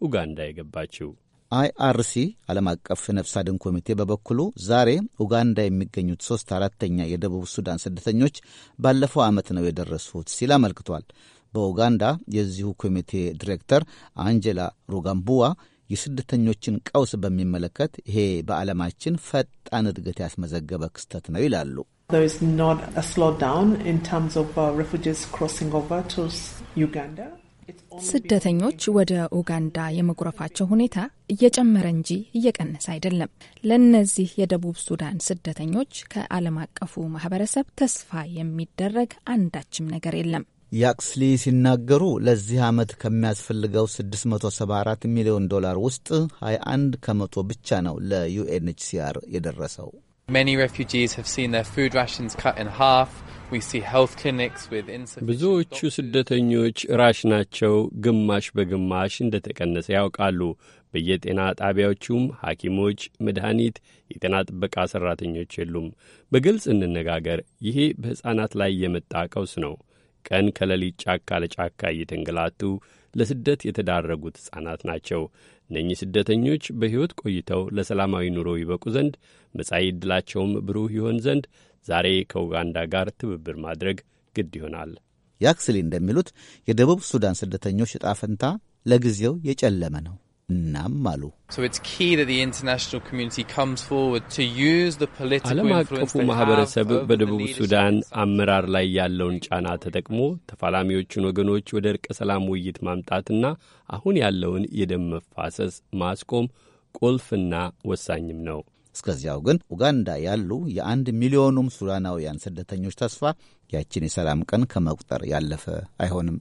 ኡጋንዳ የገባችው። አይአርሲ ዓለም አቀፍ ነፍስ አድን ኮሚቴ በበኩሉ ዛሬ ኡጋንዳ የሚገኙት ሦስት አራተኛ የደቡብ ሱዳን ስደተኞች ባለፈው ዓመት ነው የደረሱት ሲል አመልክቷል። በኡጋንዳ የዚሁ ኮሚቴ ዲሬክተር አንጀላ ሩጋምቡዋ የስደተኞችን ቀውስ በሚመለከት ይሄ በዓለማችን ፈጣን እድገት ያስመዘገበ ክስተት ነው ይላሉ። uh, ስደተኞች ወደ ኡጋንዳ የመጉረፋቸው ሁኔታ እየጨመረ እንጂ እየቀነሰ አይደለም። ለእነዚህ የደቡብ ሱዳን ስደተኞች ከዓለም አቀፉ ማህበረሰብ ተስፋ የሚደረግ አንዳችም ነገር የለም። ያክስሊ ሲናገሩ ለዚህ ዓመት ከሚያስፈልገው 674 ሚሊዮን ዶላር ውስጥ 21 ከመቶ ብቻ ነው ለዩኤንኤችሲአር የደረሰው። ብዙዎቹ ስደተኞች ራሽናቸው ግማሽ በግማሽ እንደተቀነሰ ያውቃሉ። በየጤና ጣቢያዎቹም ሐኪሞች፣ መድኃኒት፣ የጤና ጥበቃ ሠራተኞች የሉም። በግልጽ እንነጋገር፣ ይሄ በሕፃናት ላይ የመጣ ቀውስ ነው። ቀን ከሌሊት ጫካ ለጫካ እየተንገላቱ ለስደት የተዳረጉት ሕፃናት ናቸው። እነኚህ ስደተኞች በሕይወት ቆይተው ለሰላማዊ ኑሮ ይበቁ ዘንድ መጻኢ ዕድላቸውም ብሩህ ይሆን ዘንድ ዛሬ ከኡጋንዳ ጋር ትብብር ማድረግ ግድ ይሆናል። ያክስሊ እንደሚሉት የደቡብ ሱዳን ስደተኞች ዕጣ ፈንታ ለጊዜው የጨለመ ነው። እናም አሉ ዓለም አቀፉ ማህበረሰብ በደቡብ ሱዳን አመራር ላይ ያለውን ጫና ተጠቅሞ ተፋላሚዎቹን ወገኖች ወደ እርቀ ሰላም ውይይት ማምጣትና አሁን ያለውን የደም መፋሰስ ማስቆም ቁልፍና ወሳኝም ነው። እስከዚያው ግን ኡጋንዳ ያሉ የአንድ ሚሊዮኑም ሱዳናውያን ስደተኞች ተስፋ ያችን የሰላም ቀን ከመቁጠር ያለፈ አይሆንም።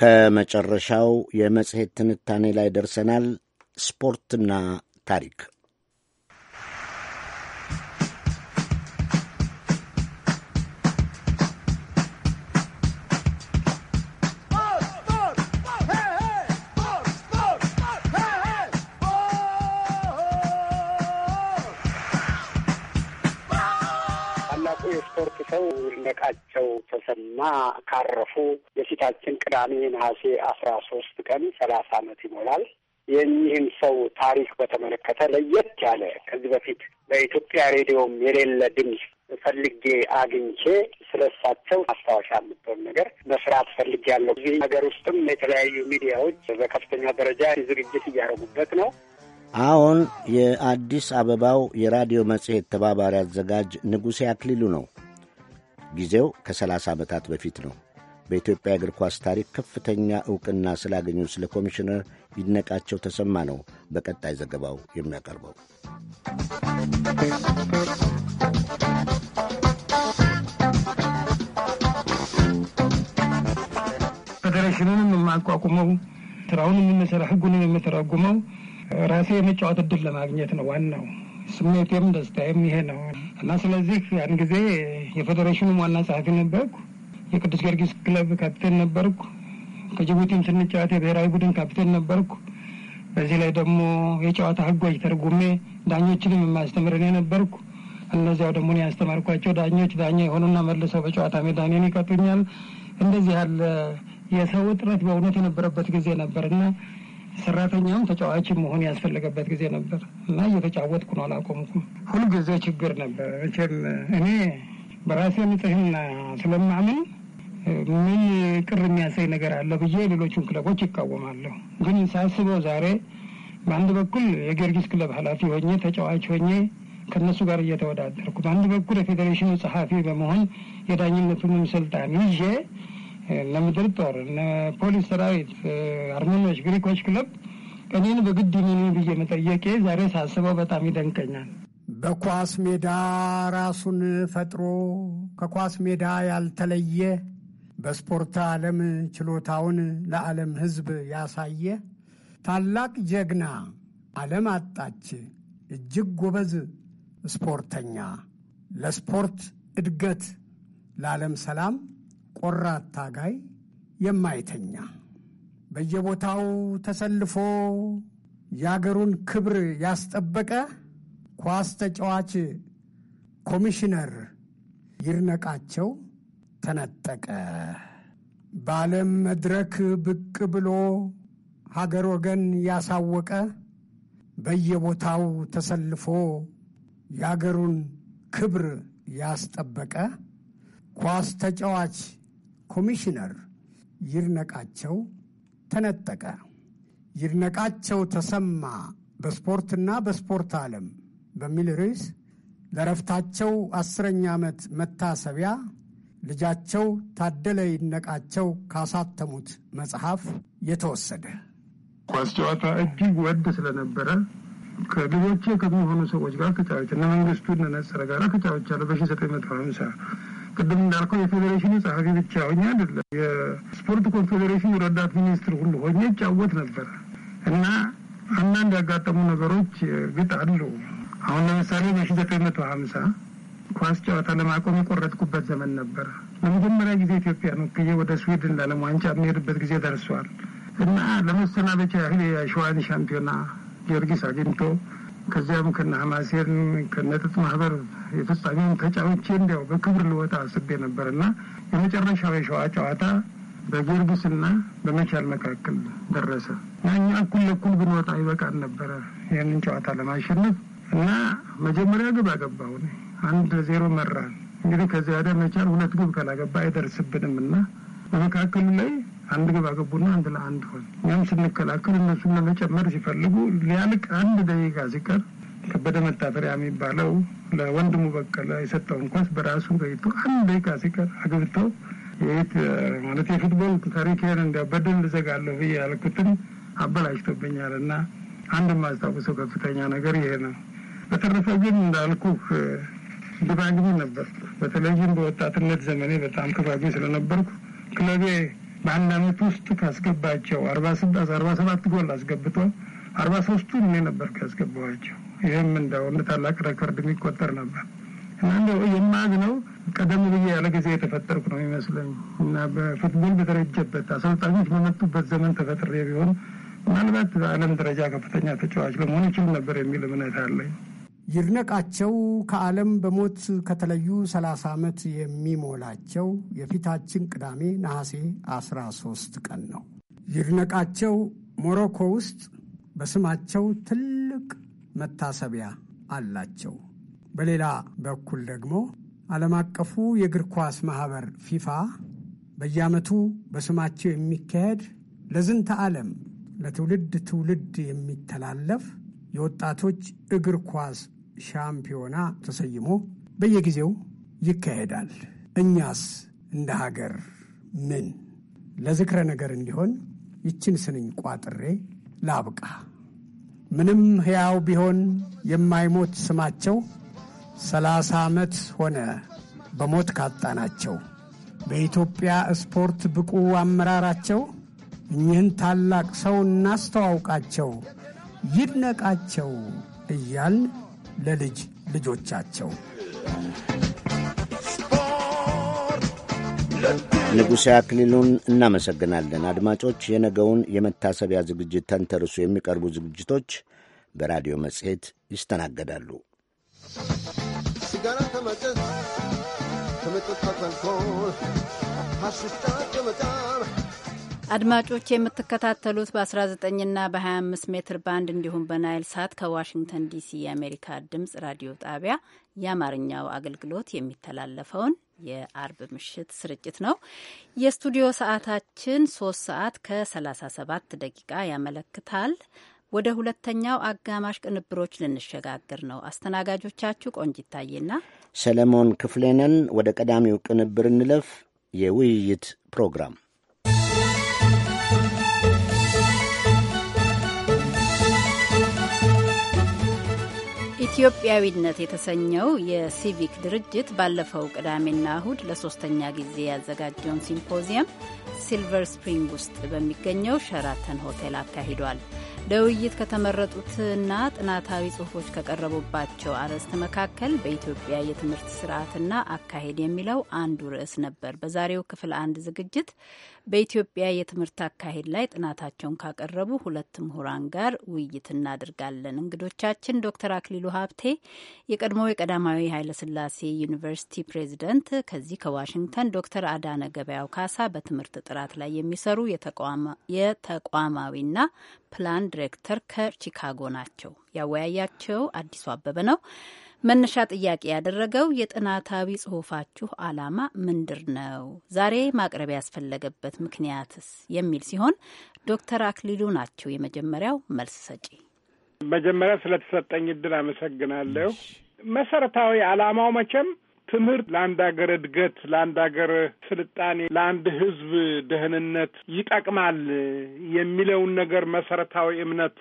ከመጨረሻው የመጽሔት ትንታኔ ላይ ደርሰናል። ስፖርትና ታሪክ ሰው ነቃቸው ተሰማ ካረፉ የፊታችን ቅዳሜ ነሐሴ አስራ ሶስት ቀን ሰላሳ ዓመት ይሞላል። የኚህን ሰው ታሪክ በተመለከተ ለየት ያለ ከዚህ በፊት በኢትዮጵያ ሬዲዮም የሌለ ድምፅ ፈልጌ አግኝቼ ስለሳቸው ማስታወሻ የምትሆን ነገር መስራት ፈልጌ ያለው እዚህ ነገር ውስጥም የተለያዩ ሚዲያዎች በከፍተኛ ደረጃ ዝግጅት እያደረጉበት ነው። አሁን የአዲስ አበባው የራዲዮ መጽሔት ተባባሪ አዘጋጅ ንጉሴ አክሊሉ ነው። ጊዜው ከ30 ዓመታት በፊት ነው። በኢትዮጵያ እግር ኳስ ታሪክ ከፍተኛ ዕውቅና ስላገኙ ስለ ኮሚሽነር ይድነቃቸው ተሰማ ነው በቀጣይ ዘገባው የሚያቀርበው። ፌዴሬሽኑንም የማቋቁመው ስራውን የምንሰራ ህጉንም የምተረጉመው ራሴ የመጫወት እድል ለማግኘት ነው ዋናው ስሜቴም ደስታዬም ይሄ ነው እና ስለዚህ ያን ጊዜ የፌዴሬሽኑ ዋና ጸሐፊ ነበርኩ። የቅዱስ ጊዮርጊስ ክለብ ካፕቴን ነበርኩ። ከጅቡቲም ስንጫወት የብሔራዊ ቡድን ካፕቴን ነበርኩ። በዚህ ላይ ደግሞ የጨዋታ ህጎች ተርጉሜ ዳኞችንም የማስተምር እኔ ነበርኩ። እነዚያው ደግሞ ያስተማርኳቸው ዳኞች ዳኛ የሆኑና መልሰው በጨዋታ ሜዳ እኔን ይቀጡኛል። እንደዚህ ያለ የሰው እጥረት በእውነት የነበረበት ጊዜ ነበር እና ሰራተኛውም ተጫዋች መሆን ያስፈለገበት ጊዜ ነበር እና እየተጫወትኩ ነው፣ አላቆምኩም። ሁልጊዜ ችግር ነበር። መቼም እኔ በራሴ ንጽህና ስለማምን ምን ቅር የሚያሳይ ነገር አለ ብዬ ሌሎቹን ክለቦች ይቃወማለሁ። ግን ሳስበው ዛሬ በአንድ በኩል የጊዮርጊስ ክለብ ኃላፊ ሆኜ ተጫዋች ሆኜ ከእነሱ ጋር እየተወዳደርኩ፣ በአንድ በኩል የፌዴሬሽኑ ጸሐፊ በመሆን የዳኝነቱንም ስልጣን ይዤ ለምድር ጦር ፖሊስ ሰራዊት፣ አርመኖች፣ ግሪኮች ክለብ እኔን በግድ ሚኒ ብዬ መጠየቄ ዛሬ ሳስበው በጣም ይደንቀኛል። በኳስ ሜዳ ራሱን ፈጥሮ ከኳስ ሜዳ ያልተለየ በስፖርት ዓለም ችሎታውን ለዓለም ሕዝብ ያሳየ ታላቅ ጀግና ዓለም አጣች እጅግ ጎበዝ ስፖርተኛ ለስፖርት እድገት ለዓለም ሰላም ቆራት ታጋይ የማይተኛ በየቦታው ተሰልፎ የአገሩን ክብር ያስጠበቀ ኳስ ተጫዋች ኮሚሽነር ይርነቃቸው ተነጠቀ። በዓለም መድረክ ብቅ ብሎ ሀገር ወገን ያሳወቀ በየቦታው ተሰልፎ የአገሩን ክብር ያስጠበቀ ኳስ ተጫዋች ኮሚሽነር ይርነቃቸው ተነጠቀ። ይርነቃቸው ተሰማ በስፖርትና በስፖርት ዓለም በሚል ርዕስ ለረፍታቸው አስረኛ ዓመት መታሰቢያ ልጃቸው ታደለ ይነቃቸው ካሳተሙት መጽሐፍ የተወሰደ። ኳስ ጨዋታ እጅግ ወድ ስለነበረ ከልጆቼ ከሚሆኑ ሰዎች ጋር ተጫወች እነ መንግስቱ እነ ነጸረ ጋር ተጫወቻለሁ በሺህ ዘጠኝ መቶ ሀምሳ ቅድም እንዳልከው የፌዴሬሽኑ ጸሐፊ ብቻ ሆኜ አይደለም የስፖርት ኮንፌዴሬሽኑ ረዳት ሚኒስትር ሁሉ ሆኜ ይጫወት ነበረ እና አንዳንድ ያጋጠሙ ነገሮች ግጥ አሉ። አሁን ለምሳሌ በሺ ዘጠኝ መቶ ሀምሳ ኳስ ጨዋታ ለማቆም የቆረጥኩበት ዘመን ነበረ። ለመጀመሪያ ጊዜ ነው ወክዬ ወደ ስዊድን ለዓለም ዋንጫ የሚሄድበት ጊዜ ደርሷል እና ለመሰናበቻ ያህል የሸዋን ሻምፒዮና ጊዮርጊስ አግኝቶ ከዚያም ከነ ሀማሴን ከነጥጥ ማህበር የፍጻሜውን ተጫውቼ እንዲያው በክብር ልወጣ አስቤ ነበር እና የመጨረሻው የሸዋ ጨዋታ በጊዮርጊስና በመቻል መካከል ደረሰ። ያኛ እኩል ለኩል ብንወጣ ይበቃን ነበረ ይህንን ጨዋታ ለማሸነፍ እና መጀመሪያ ግብ አገባሁ። አንድ ዜሮ መራን። እንግዲህ ከዚያ ወዲያ መቻል ሁለት ግብ ካላገባ አይደርስብንም እና በመካከሉ ላይ አንድ ግብ አገቡና አንድ ለአንድ ሆን። እኛም ስንከላከል እነሱን ለመጨመር ሲፈልጉ ሊያልቅ አንድ ደቂቃ ሲቀር ከበደ መታፈሪያ የሚባለው ለወንድሙ በቀለ የሰጠውን ኳስ በራሱ ገይቶ አንድ ደቂቃ ሲቀር አግብተው ማለት የፉትቦል ታሪክን እንዲያ በደንብ ብዬ ያልኩትን አበላሽቶብኛል እና አንድ የማስታውሰው ከፍተኛ ነገር ይሄ ነው። በተረፈ ግን እንዳልኩ ግባግቢ ነበር። በተለይም በወጣትነት ዘመኔ በጣም ግባግቢ ስለነበርኩ ክለቤ በአንድ አመት ውስጥ ካስገባቸው አርባ ሰባት ጎል አስገብቶ አርባ ሶስቱ እኔ ነበር ካስገባዋቸው። ይህም እንደው እንደ ታላቅ ረከርድ የሚቆጠር ነበር እና እንደው የማዝነው ቀደም ብዬ ያለ ጊዜ የተፈጠርኩ ነው ይመስለኝ እና በፉትቦል በተረጀበት አሰልጣኞች በመጡበት ዘመን ተፈጥሬ ቢሆን ምናልባት በዓለም ደረጃ ከፍተኛ ተጫዋች ለመሆን ይችል ነበር የሚል እምነት አለኝ። ይድነቃቸው ከዓለም በሞት ከተለዩ 30 ዓመት የሚሞላቸው የፊታችን ቅዳሜ ነሐሴ 13 ቀን ነው። ይድነቃቸው ሞሮኮ ውስጥ በስማቸው ትልቅ መታሰቢያ አላቸው። በሌላ በኩል ደግሞ ዓለም አቀፉ የእግር ኳስ ማኅበር ፊፋ በየዓመቱ በስማቸው የሚካሄድ ለዝንተ ዓለም ለትውልድ ትውልድ የሚተላለፍ የወጣቶች እግር ኳስ ሻምፒዮና ተሰይሞ በየጊዜው ይካሄዳል። እኛስ እንደ ሀገር ምን ለዝክረ ነገር እንዲሆን ይችን ስንኝ ቋጥሬ ላብቃ። ምንም ሕያው ቢሆን የማይሞት ስማቸው ሰላሳ ዓመት ሆነ በሞት ካጣናቸው በኢትዮጵያ ስፖርት ብቁ አመራራቸው እኚህን ታላቅ ሰው እናስተዋውቃቸው ይድነቃቸው እያልን ለልጅ ልጆቻቸው። ንጉሴ አክሊሉን እናመሰግናለን። አድማጮች፣ የነገውን የመታሰቢያ ዝግጅት ተንተርሶ የሚቀርቡ ዝግጅቶች በራዲዮ መጽሔት ይስተናገዳሉ። ሲጋራ አድማጮች የምትከታተሉት በ19ና በ25 ሜትር ባንድ እንዲሁም በናይል ሳት ከዋሽንግተን ዲሲ የአሜሪካ ድምጽ ራዲዮ ጣቢያ የአማርኛው አገልግሎት የሚተላለፈውን የአርብ ምሽት ስርጭት ነው። የስቱዲዮ ሰዓታችን 3 ሰዓት ከ37 ደቂቃ ያመለክታል። ወደ ሁለተኛው አጋማሽ ቅንብሮች ልንሸጋግር ነው። አስተናጋጆቻችሁ ቆንጂት ታዬና ሰለሞን ክፍሌ ነን። ወደ ቀዳሚው ቅንብር እንለፍ። የውይይት ፕሮግራም ኢትዮጵያዊነት የተሰኘው የሲቪክ ድርጅት ባለፈው ቅዳሜና እሁድ ለሶስተኛ ጊዜ ያዘጋጀውን ሲምፖዚየም ሲልቨር ስፕሪንግ ውስጥ በሚገኘው ሸራተን ሆቴል አካሂዷል። ለውይይት ከተመረጡትና ጥናታዊ ጽሑፎች ከቀረቡባቸው አርዕስት መካከል በኢትዮጵያ የትምህርት ስርዓትና አካሄድ የሚለው አንዱ ርዕስ ነበር። በዛሬው ክፍል አንድ ዝግጅት በኢትዮጵያ የትምህርት አካሄድ ላይ ጥናታቸውን ካቀረቡ ሁለት ምሁራን ጋር ውይይት እናድርጋለን። እንግዶቻችን ዶክተር አክሊሉ ሀብቴ የቀድሞ የቀዳማዊ ኃይለስላሴ ዩኒቨርሲቲ ፕሬዚደንት፣ ከዚህ ከዋሽንግተን ዶክተር አዳነ ገበያው ካሳ በትምህርት ጥራት ላይ የሚሰሩ የተቋማዊና ፕላን ዲሬክተር ከቺካጎ ናቸው። ያወያያቸው አዲሱ አበበ ነው። መነሻ ጥያቄ ያደረገው የጥናታዊ ጽሁፋችሁ ዓላማ ምንድር ነው? ዛሬ ማቅረብ ያስፈለገበት ምክንያትስ? የሚል ሲሆን ዶክተር አክሊሉ ናቸው የመጀመሪያው መልስ ሰጪ። መጀመሪያ ስለተሰጠኝ እድል አመሰግናለሁ። መሰረታዊ ዓላማው መቼም ትምህርት ለአንድ ሀገር እድገት፣ ለአንድ ሀገር ስልጣኔ፣ ለአንድ ህዝብ ደህንነት ይጠቅማል የሚለውን ነገር መሰረታዊ እምነት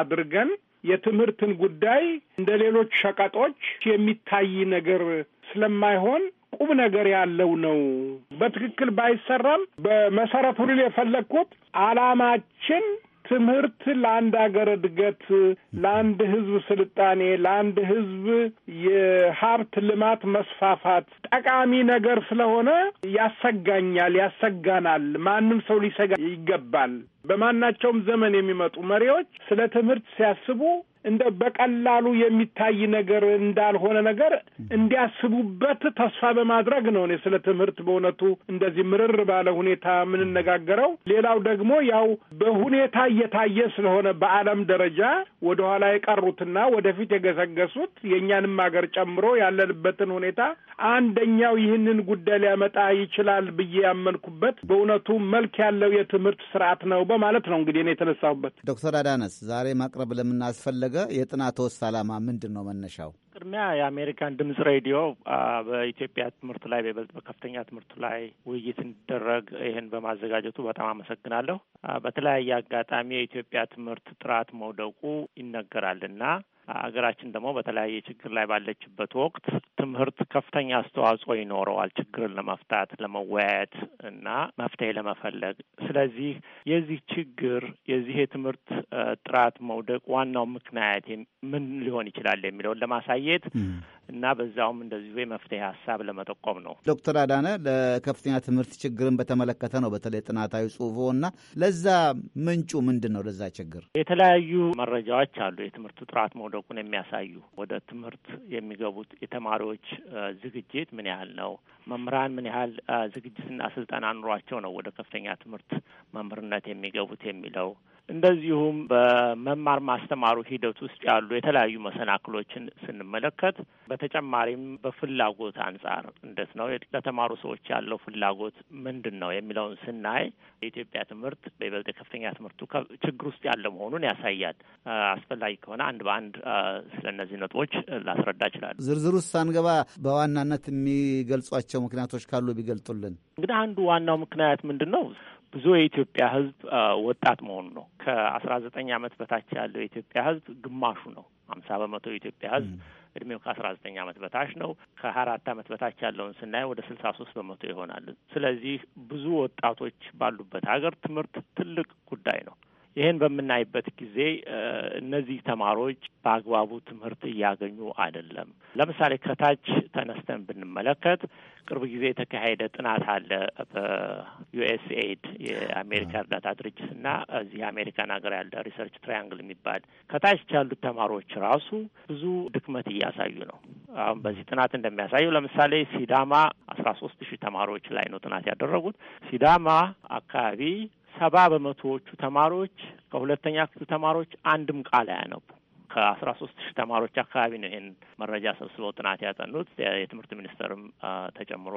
አድርገን የትምህርትን ጉዳይ እንደ ሌሎች ሸቀጦች የሚታይ ነገር ስለማይሆን ቁም ነገር ያለው ነው። በትክክል ባይሰራም በመሰረቱ ልል የፈለግኩት አላማችን ትምህርት ለአንድ አገር እድገት፣ ለአንድ ህዝብ ስልጣኔ፣ ለአንድ ህዝብ የሀብት ልማት መስፋፋት ጠቃሚ ነገር ስለሆነ ያሰጋኛል፣ ያሰጋናል። ማንም ሰው ሊሰጋ ይገባል። በማናቸውም ዘመን የሚመጡ መሪዎች ስለ ትምህርት ሲያስቡ እንደ በቀላሉ የሚታይ ነገር እንዳልሆነ ነገር እንዲያስቡበት ተስፋ በማድረግ ነው። እኔ ስለ ትምህርት በእውነቱ እንደዚህ ምርር ባለ ሁኔታ የምንነጋገረው። ሌላው ደግሞ ያው በሁኔታ እየታየ ስለሆነ በዓለም ደረጃ ወደኋላ የቀሩትና ወደፊት የገሰገሱት የእኛንም ሀገር ጨምሮ ያለንበትን ሁኔታ አንደኛው ይህንን ጉዳይ ሊያመጣ ይችላል ብዬ ያመንኩበት በእውነቱ መልክ ያለው የትምህርት ስርዓት ነው በማለት ነው እንግዲህ እኔ የተነሳሁበት። ዶክተር አዳነስ ዛሬ ማቅረብ ለምን ተደረገ? የጥናትዎስ ዓላማ ምንድን ነው? መነሻው ቅድሚያ የአሜሪካን ድምጽ ሬዲዮ በኢትዮጵያ ትምህርት ላይ በይበልጥ በከፍተኛ ትምህርቱ ላይ ውይይት እንዲደረግ ይህን በማዘጋጀቱ በጣም አመሰግናለሁ። በተለያየ አጋጣሚ የኢትዮጵያ ትምህርት ጥራት መውደቁ ይነገራልና አገራችን ደግሞ በተለያየ ችግር ላይ ባለችበት ወቅት ትምህርት ከፍተኛ አስተዋጽኦ ይኖረዋል ችግርን ለመፍታት ለመወያየት እና መፍትሄ ለመፈለግ። ስለዚህ የዚህ ችግር የዚህ የትምህርት ጥራት መውደቅ ዋናው ምክንያት ምን ሊሆን ይችላል የሚለውን ለማሳየት እና በዛውም እንደዚሁ የመፍትሄ ሀሳብ ለመጠቆም ነው። ዶክተር አዳነ ለከፍተኛ ትምህርት ችግርን በተመለከተ ነው በተለይ ጥናታዊ ጽሁፎ እና ለዛ ምንጩ ምንድን ነው? ለዛ ችግር የተለያዩ መረጃዎች አሉ። የትምህርቱ ጥራት መውደቁን የሚያሳዩ ወደ ትምህርት የሚገቡት የተማሪዎች ዝግጅት ምን ያህል ነው? መምህራን ምን ያህል ዝግጅትና ስልጠና ኑሯቸው ነው ወደ ከፍተኛ ትምህርት መምህርነት የሚገቡት የሚለው እንደዚሁም በመማር ማስተማሩ ሂደት ውስጥ ያሉ የተለያዩ መሰናክሎችን ስንመለከት በተጨማሪም በፍላጎት አንጻር እንዴት ነው ለተማሩ ሰዎች ያለው ፍላጎት ምንድን ነው የሚለውን ስናይ የኢትዮጵያ ትምህርት በይበልጥ የከፍተኛ ትምህርቱ ችግር ውስጥ ያለ መሆኑን ያሳያል። አስፈላጊ ከሆነ አንድ በአንድ ስለ እነዚህ ነጥቦች ላስረዳ እችላለሁ። ዝርዝር ውስጥ ሳንገባ በዋናነት የሚገልጿቸው ምክንያቶች ካሉ ቢገልጡልን። እንግዲህ አንዱ ዋናው ምክንያት ምንድን ነው ብዙ የኢትዮጵያ ህዝብ ወጣት መሆኑ ነው። ከአስራ ዘጠኝ አመት በታች ያለው የኢትዮጵያ ህዝብ ግማሹ ነው። ሀምሳ በመቶ የኢትዮጵያ ህዝብ እድሜው ከአስራ ዘጠኝ አመት በታች ነው። ከሀያ አራት አመት በታች ያለውን ስናይ ወደ ስልሳ ሶስት በመቶ ይሆናል። ስለዚህ ብዙ ወጣቶች ባሉበት ሀገር ትምህርት ትልቅ ጉዳይ ነው። ይህን በምናይበት ጊዜ እነዚህ ተማሪዎች በአግባቡ ትምህርት እያገኙ አይደለም። ለምሳሌ ከታች ተነስተን ብንመለከት ቅርብ ጊዜ የተካሄደ ጥናት አለ በዩኤስኤድ የአሜሪካ እርዳታ ድርጅት እና እዚህ የአሜሪካን ሀገር ያለ ሪሰርች ትራያንግል የሚባል ከታች ያሉት ተማሪዎች ራሱ ብዙ ድክመት እያሳዩ ነው። አሁን በዚህ ጥናት እንደሚያሳየው ለምሳሌ ሲዳማ አስራ ሶስት ሺህ ተማሪዎች ላይ ነው ጥናት ያደረጉት ሲዳማ አካባቢ ሰባ በመቶዎቹ ተማሪዎች ከሁለተኛ ክፍል ተማሪዎች አንድም ቃል አያነቡ። ከአስራ ሶስት ሺህ ተማሪዎች አካባቢ ነው ይህን መረጃ ሰብስበው ጥናት ያጠኑት። የትምህርት ሚኒስቴርም ተጨምሮ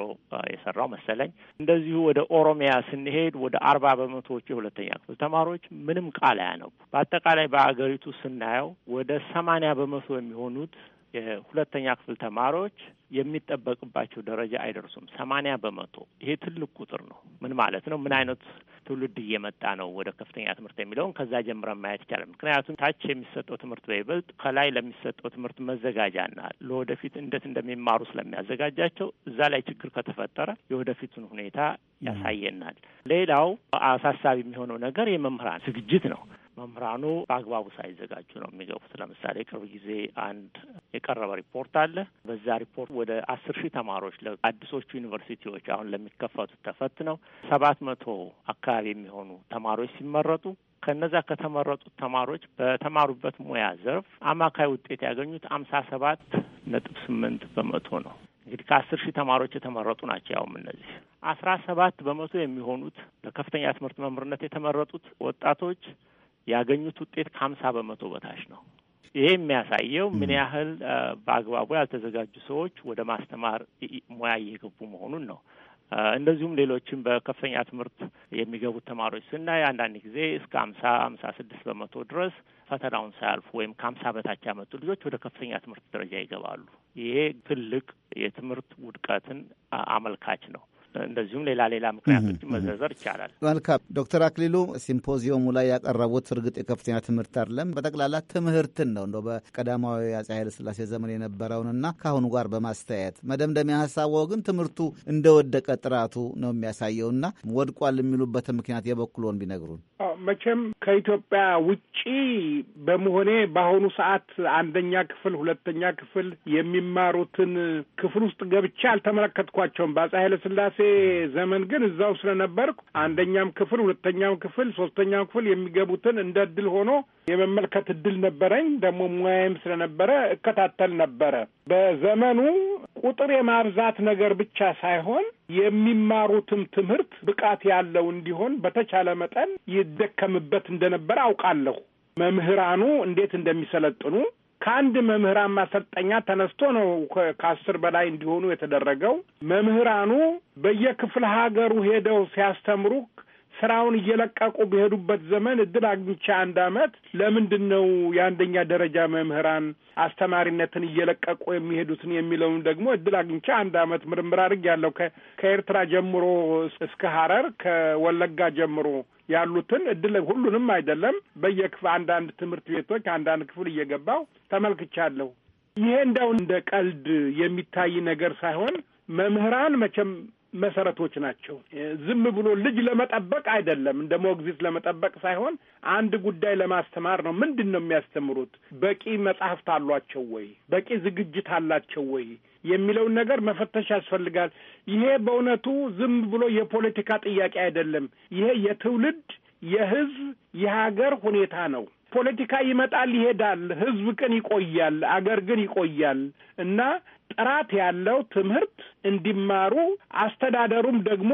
የሰራው መሰለኝ። እንደዚሁ ወደ ኦሮሚያ ስንሄድ ወደ አርባ በመቶዎቹ የሁለተኛ ክፍል ተማሪዎች ምንም ቃል አያነቡ። በአጠቃላይ በአገሪቱ ስናየው ወደ ሰማንያ በመቶ የሚሆኑት የሁለተኛ ክፍል ተማሪዎች የሚጠበቅባቸው ደረጃ አይደርሱም። ሰማንያ በመቶ ይሄ ትልቅ ቁጥር ነው። ምን ማለት ነው? ምን አይነት ትውልድ እየመጣ ነው ወደ ከፍተኛ ትምህርት የሚለውን ከዛ ጀምረን ማየት ይቻላል። ምክንያቱም ታች የሚሰጠው ትምህርት በይበልጥ ከላይ ለሚሰጠው ትምህርት መዘጋጃና ለወደፊት እንዴት እንደሚማሩ ስለሚያዘጋጃቸው እዛ ላይ ችግር ከተፈጠረ የወደፊቱን ሁኔታ ያሳየናል። ሌላው አሳሳቢ የሚሆነው ነገር የመምህራን ዝግጅት ነው። መምህራኑ በአግባቡ ሳይዘጋጁ ነው የሚገቡት። ለምሳሌ ቅርብ ጊዜ አንድ የቀረበ ሪፖርት አለ። በዛ ሪፖርት ወደ አስር ሺህ ተማሪዎች ለአዲሶቹ ዩኒቨርሲቲዎች አሁን ለሚከፈቱት ተፈትነው ሰባት መቶ አካባቢ የሚሆኑ ተማሪዎች ሲመረጡ ከነዛ ከተመረጡት ተማሪዎች በተማሩበት ሙያ ዘርፍ አማካይ ውጤት ያገኙት አምሳ ሰባት ነጥብ ስምንት በመቶ ነው። እንግዲህ ከአስር ሺህ ተማሪዎች የተመረጡ ናቸው። ያውም እነዚህ አስራ ሰባት በመቶ የሚሆኑት ለከፍተኛ ትምህርት መምህርነት የተመረጡት ወጣቶች ያገኙት ውጤት ከሀምሳ በመቶ በታች ነው። ይሄ የሚያሳየው ምን ያህል በአግባቡ ያልተዘጋጁ ሰዎች ወደ ማስተማር ሙያ እየገቡ መሆኑን ነው። እንደዚሁም ሌሎችም በከፍተኛ ትምህርት የሚገቡት ተማሪዎች ስናይ አንዳንድ ጊዜ እስከ አምሳ አምሳ ስድስት በመቶ ድረስ ፈተናውን ሳያልፉ ወይም ከአምሳ በታች ያመጡ ልጆች ወደ ከፍተኛ ትምህርት ደረጃ ይገባሉ። ይሄ ትልቅ የትምህርት ውድቀትን አመልካች ነው። እንደዚሁም ሌላ ሌላ ምክንያቶች መዘርዘር ይቻላል። መልካም ዶክተር አክሊሉ ሲምፖዚየሙ ላይ ያቀረቡት እርግጥ የከፍተኛ ትምህርት አይደለም፣ በጠቅላላ ትምህርትን ነው እንደው በቀዳማዊ አፄ ኃይለሥላሴ ዘመን የነበረውንና ከአሁኑ ጋር በማስተያየት መደምደሚያ ሀሳቦ ግን ትምህርቱ እንደወደቀ ጥራቱ ነው የሚያሳየውና ወድቋል የሚሉበትን ምክንያት የበኩሎን ቢነግሩን። መቼም ከኢትዮጵያ ውጪ በመሆኔ በአሁኑ ሰዓት አንደኛ ክፍል ሁለተኛ ክፍል የሚማሩትን ክፍል ውስጥ ገብቼ አልተመለከትኳቸውም። በአጼ ኃይለ ስላሴ ዘመን ግን እዛው ስለነበርኩ አንደኛም ክፍል፣ ሁለተኛም ክፍል፣ ሶስተኛም ክፍል የሚገቡትን እንደ እድል ሆኖ የመመልከት እድል ነበረኝ። ደግሞ ሙያዬም ስለነበረ እከታተል ነበረ። በዘመኑ ቁጥር የማብዛት ነገር ብቻ ሳይሆን የሚማሩትም ትምህርት ብቃት ያለው እንዲሆን በተቻለ መጠን ይደከምበት እንደነበረ አውቃለሁ። መምህራኑ እንዴት እንደሚሰለጥኑ ከአንድ መምህራን ማሰልጠኛ ተነስቶ ነው ከአስር በላይ እንዲሆኑ የተደረገው። መምህራኑ በየክፍለ ሀገሩ ሄደው ሲያስተምሩ ስራውን እየለቀቁ በሄዱበት ዘመን እድል አግኝቼ አንድ አመት ለምንድን ነው የአንደኛ ደረጃ መምህራን አስተማሪነትን እየለቀቁ የሚሄዱትን የሚለውን ደግሞ እድል አግኝቼ አንድ አመት ምርምር አድርጌያለሁ። ከኤርትራ ጀምሮ እስከ ሀረር ከወለጋ ጀምሮ ያሉትን እድል ሁሉንም አይደለም፣ በየክፍ አንዳንድ ትምህርት ቤቶች አንዳንድ ክፍል እየገባው ተመልክቻለሁ። ይሄ እንደው እንደ ቀልድ የሚታይ ነገር ሳይሆን መምህራን መቼም መሰረቶች ናቸው። ዝም ብሎ ልጅ ለመጠበቅ አይደለም፣ እንደ ሞግዚት ለመጠበቅ ሳይሆን አንድ ጉዳይ ለማስተማር ነው። ምንድን ነው የሚያስተምሩት? በቂ መጽሐፍት አሏቸው ወይ? በቂ ዝግጅት አላቸው ወይ? የሚለውን ነገር መፈተሽ ያስፈልጋል። ይሄ በእውነቱ ዝም ብሎ የፖለቲካ ጥያቄ አይደለም። ይሄ የትውልድ የህዝብ፣ የሀገር ሁኔታ ነው። ፖለቲካ ይመጣል ይሄዳል። ህዝብ ግን ይቆያል፣ አገር ግን ይቆያል እና ጥራት ያለው ትምህርት እንዲማሩ አስተዳደሩም ደግሞ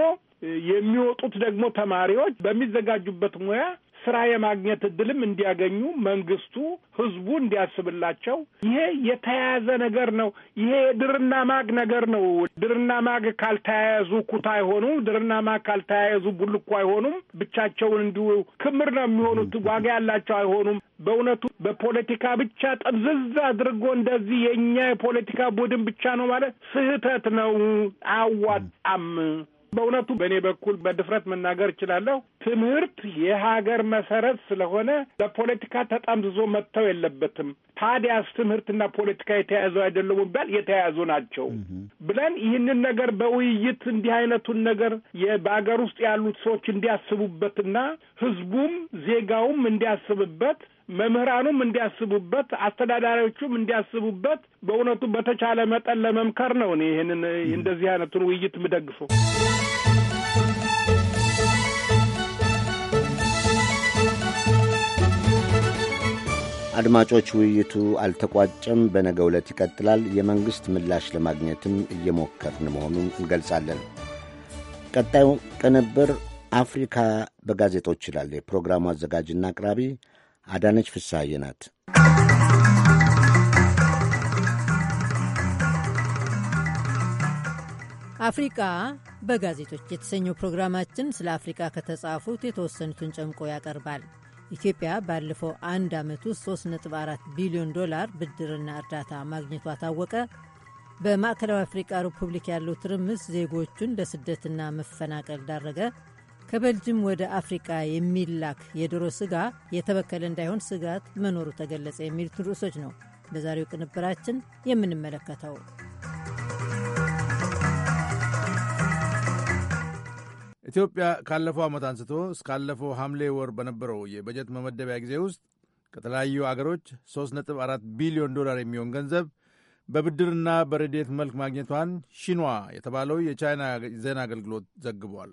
የሚወጡት ደግሞ ተማሪዎች በሚዘጋጁበት ሙያ ስራ የማግኘት እድልም እንዲያገኙ መንግስቱ፣ ህዝቡ እንዲያስብላቸው ይሄ የተያያዘ ነገር ነው። ይሄ ድርና ማግ ነገር ነው። ድርና ማግ ካልተያያዙ ኩታ አይሆኑም። ድርና ማግ ካልተያያዙ ቡልኮ አይሆኑም። ብቻቸውን እንዲሁ ክምር ነው የሚሆኑት። ዋጋ ያላቸው አይሆኑም። በእውነቱ በፖለቲካ ብቻ ጠምዝዝ አድርጎ እንደዚህ የእኛ የፖለቲካ ቡድን ብቻ ነው ማለት ስህተት ነው፣ አያዋጣም። በእውነቱ በእኔ በኩል በድፍረት መናገር እችላለሁ። ትምህርት የሀገር መሰረት ስለሆነ ለፖለቲካ ተጠምዝዞ መጥተው የለበትም። ታዲያስ ትምህርትና ፖለቲካ የተያያዙ አይደለም ይባል የተያያዙ ናቸው ብለን ይህንን ነገር በውይይት እንዲህ አይነቱን ነገር በሀገር ውስጥ ያሉት ሰዎች እንዲያስቡበትና ህዝቡም ዜጋውም እንዲያስብበት መምህራኑም እንዲያስቡበት፣ አስተዳዳሪዎቹም እንዲያስቡበት በእውነቱ በተቻለ መጠን ለመምከር ነው እኔ ይህንን እንደዚህ አይነቱን ውይይት የምደግፈው። አድማጮች ውይይቱ አልተቋጨም፣ በነገ ዕለት ይቀጥላል። የመንግሥት ምላሽ ለማግኘትም እየሞከርን መሆኑን እንገልጻለን። ቀጣዩ ቅንብር አፍሪካ በጋዜጦች ይላል። የፕሮግራሙ አዘጋጅና አቅራቢ አዳነች ፍስሐዬ ናት። አፍሪቃ በጋዜጦች የተሰኘው ፕሮግራማችን ስለ አፍሪቃ ከተጻፉት የተወሰኑትን ጨምቆ ያቀርባል። ኢትዮጵያ ባለፈው አንድ ዓመት ውስጥ 3.4 ቢሊዮን ዶላር ብድርና እርዳታ ማግኘቷ ታወቀ። በማዕከላዊ አፍሪቃ ሪፑብሊክ ያለው ትርምስ ዜጎቹን ለስደትና መፈናቀል ዳረገ። ከበልጅም ወደ አፍሪቃ የሚላክ የዶሮ ስጋ የተበከለ እንዳይሆን ስጋት መኖሩ ተገለጸ የሚሉት ርዕሶች ነው በዛሬው ቅንብራችን የምንመለከተው። ኢትዮጵያ ካለፈው ዓመት አንስቶ እስካለፈው ሐምሌ ወር በነበረው የበጀት መመደቢያ ጊዜ ውስጥ ከተለያዩ አገሮች 3.4 ቢሊዮን ዶላር የሚሆን ገንዘብ በብድርና በረዴት መልክ ማግኘቷን ሺንዋ የተባለው የቻይና ዜና አገልግሎት ዘግቧል።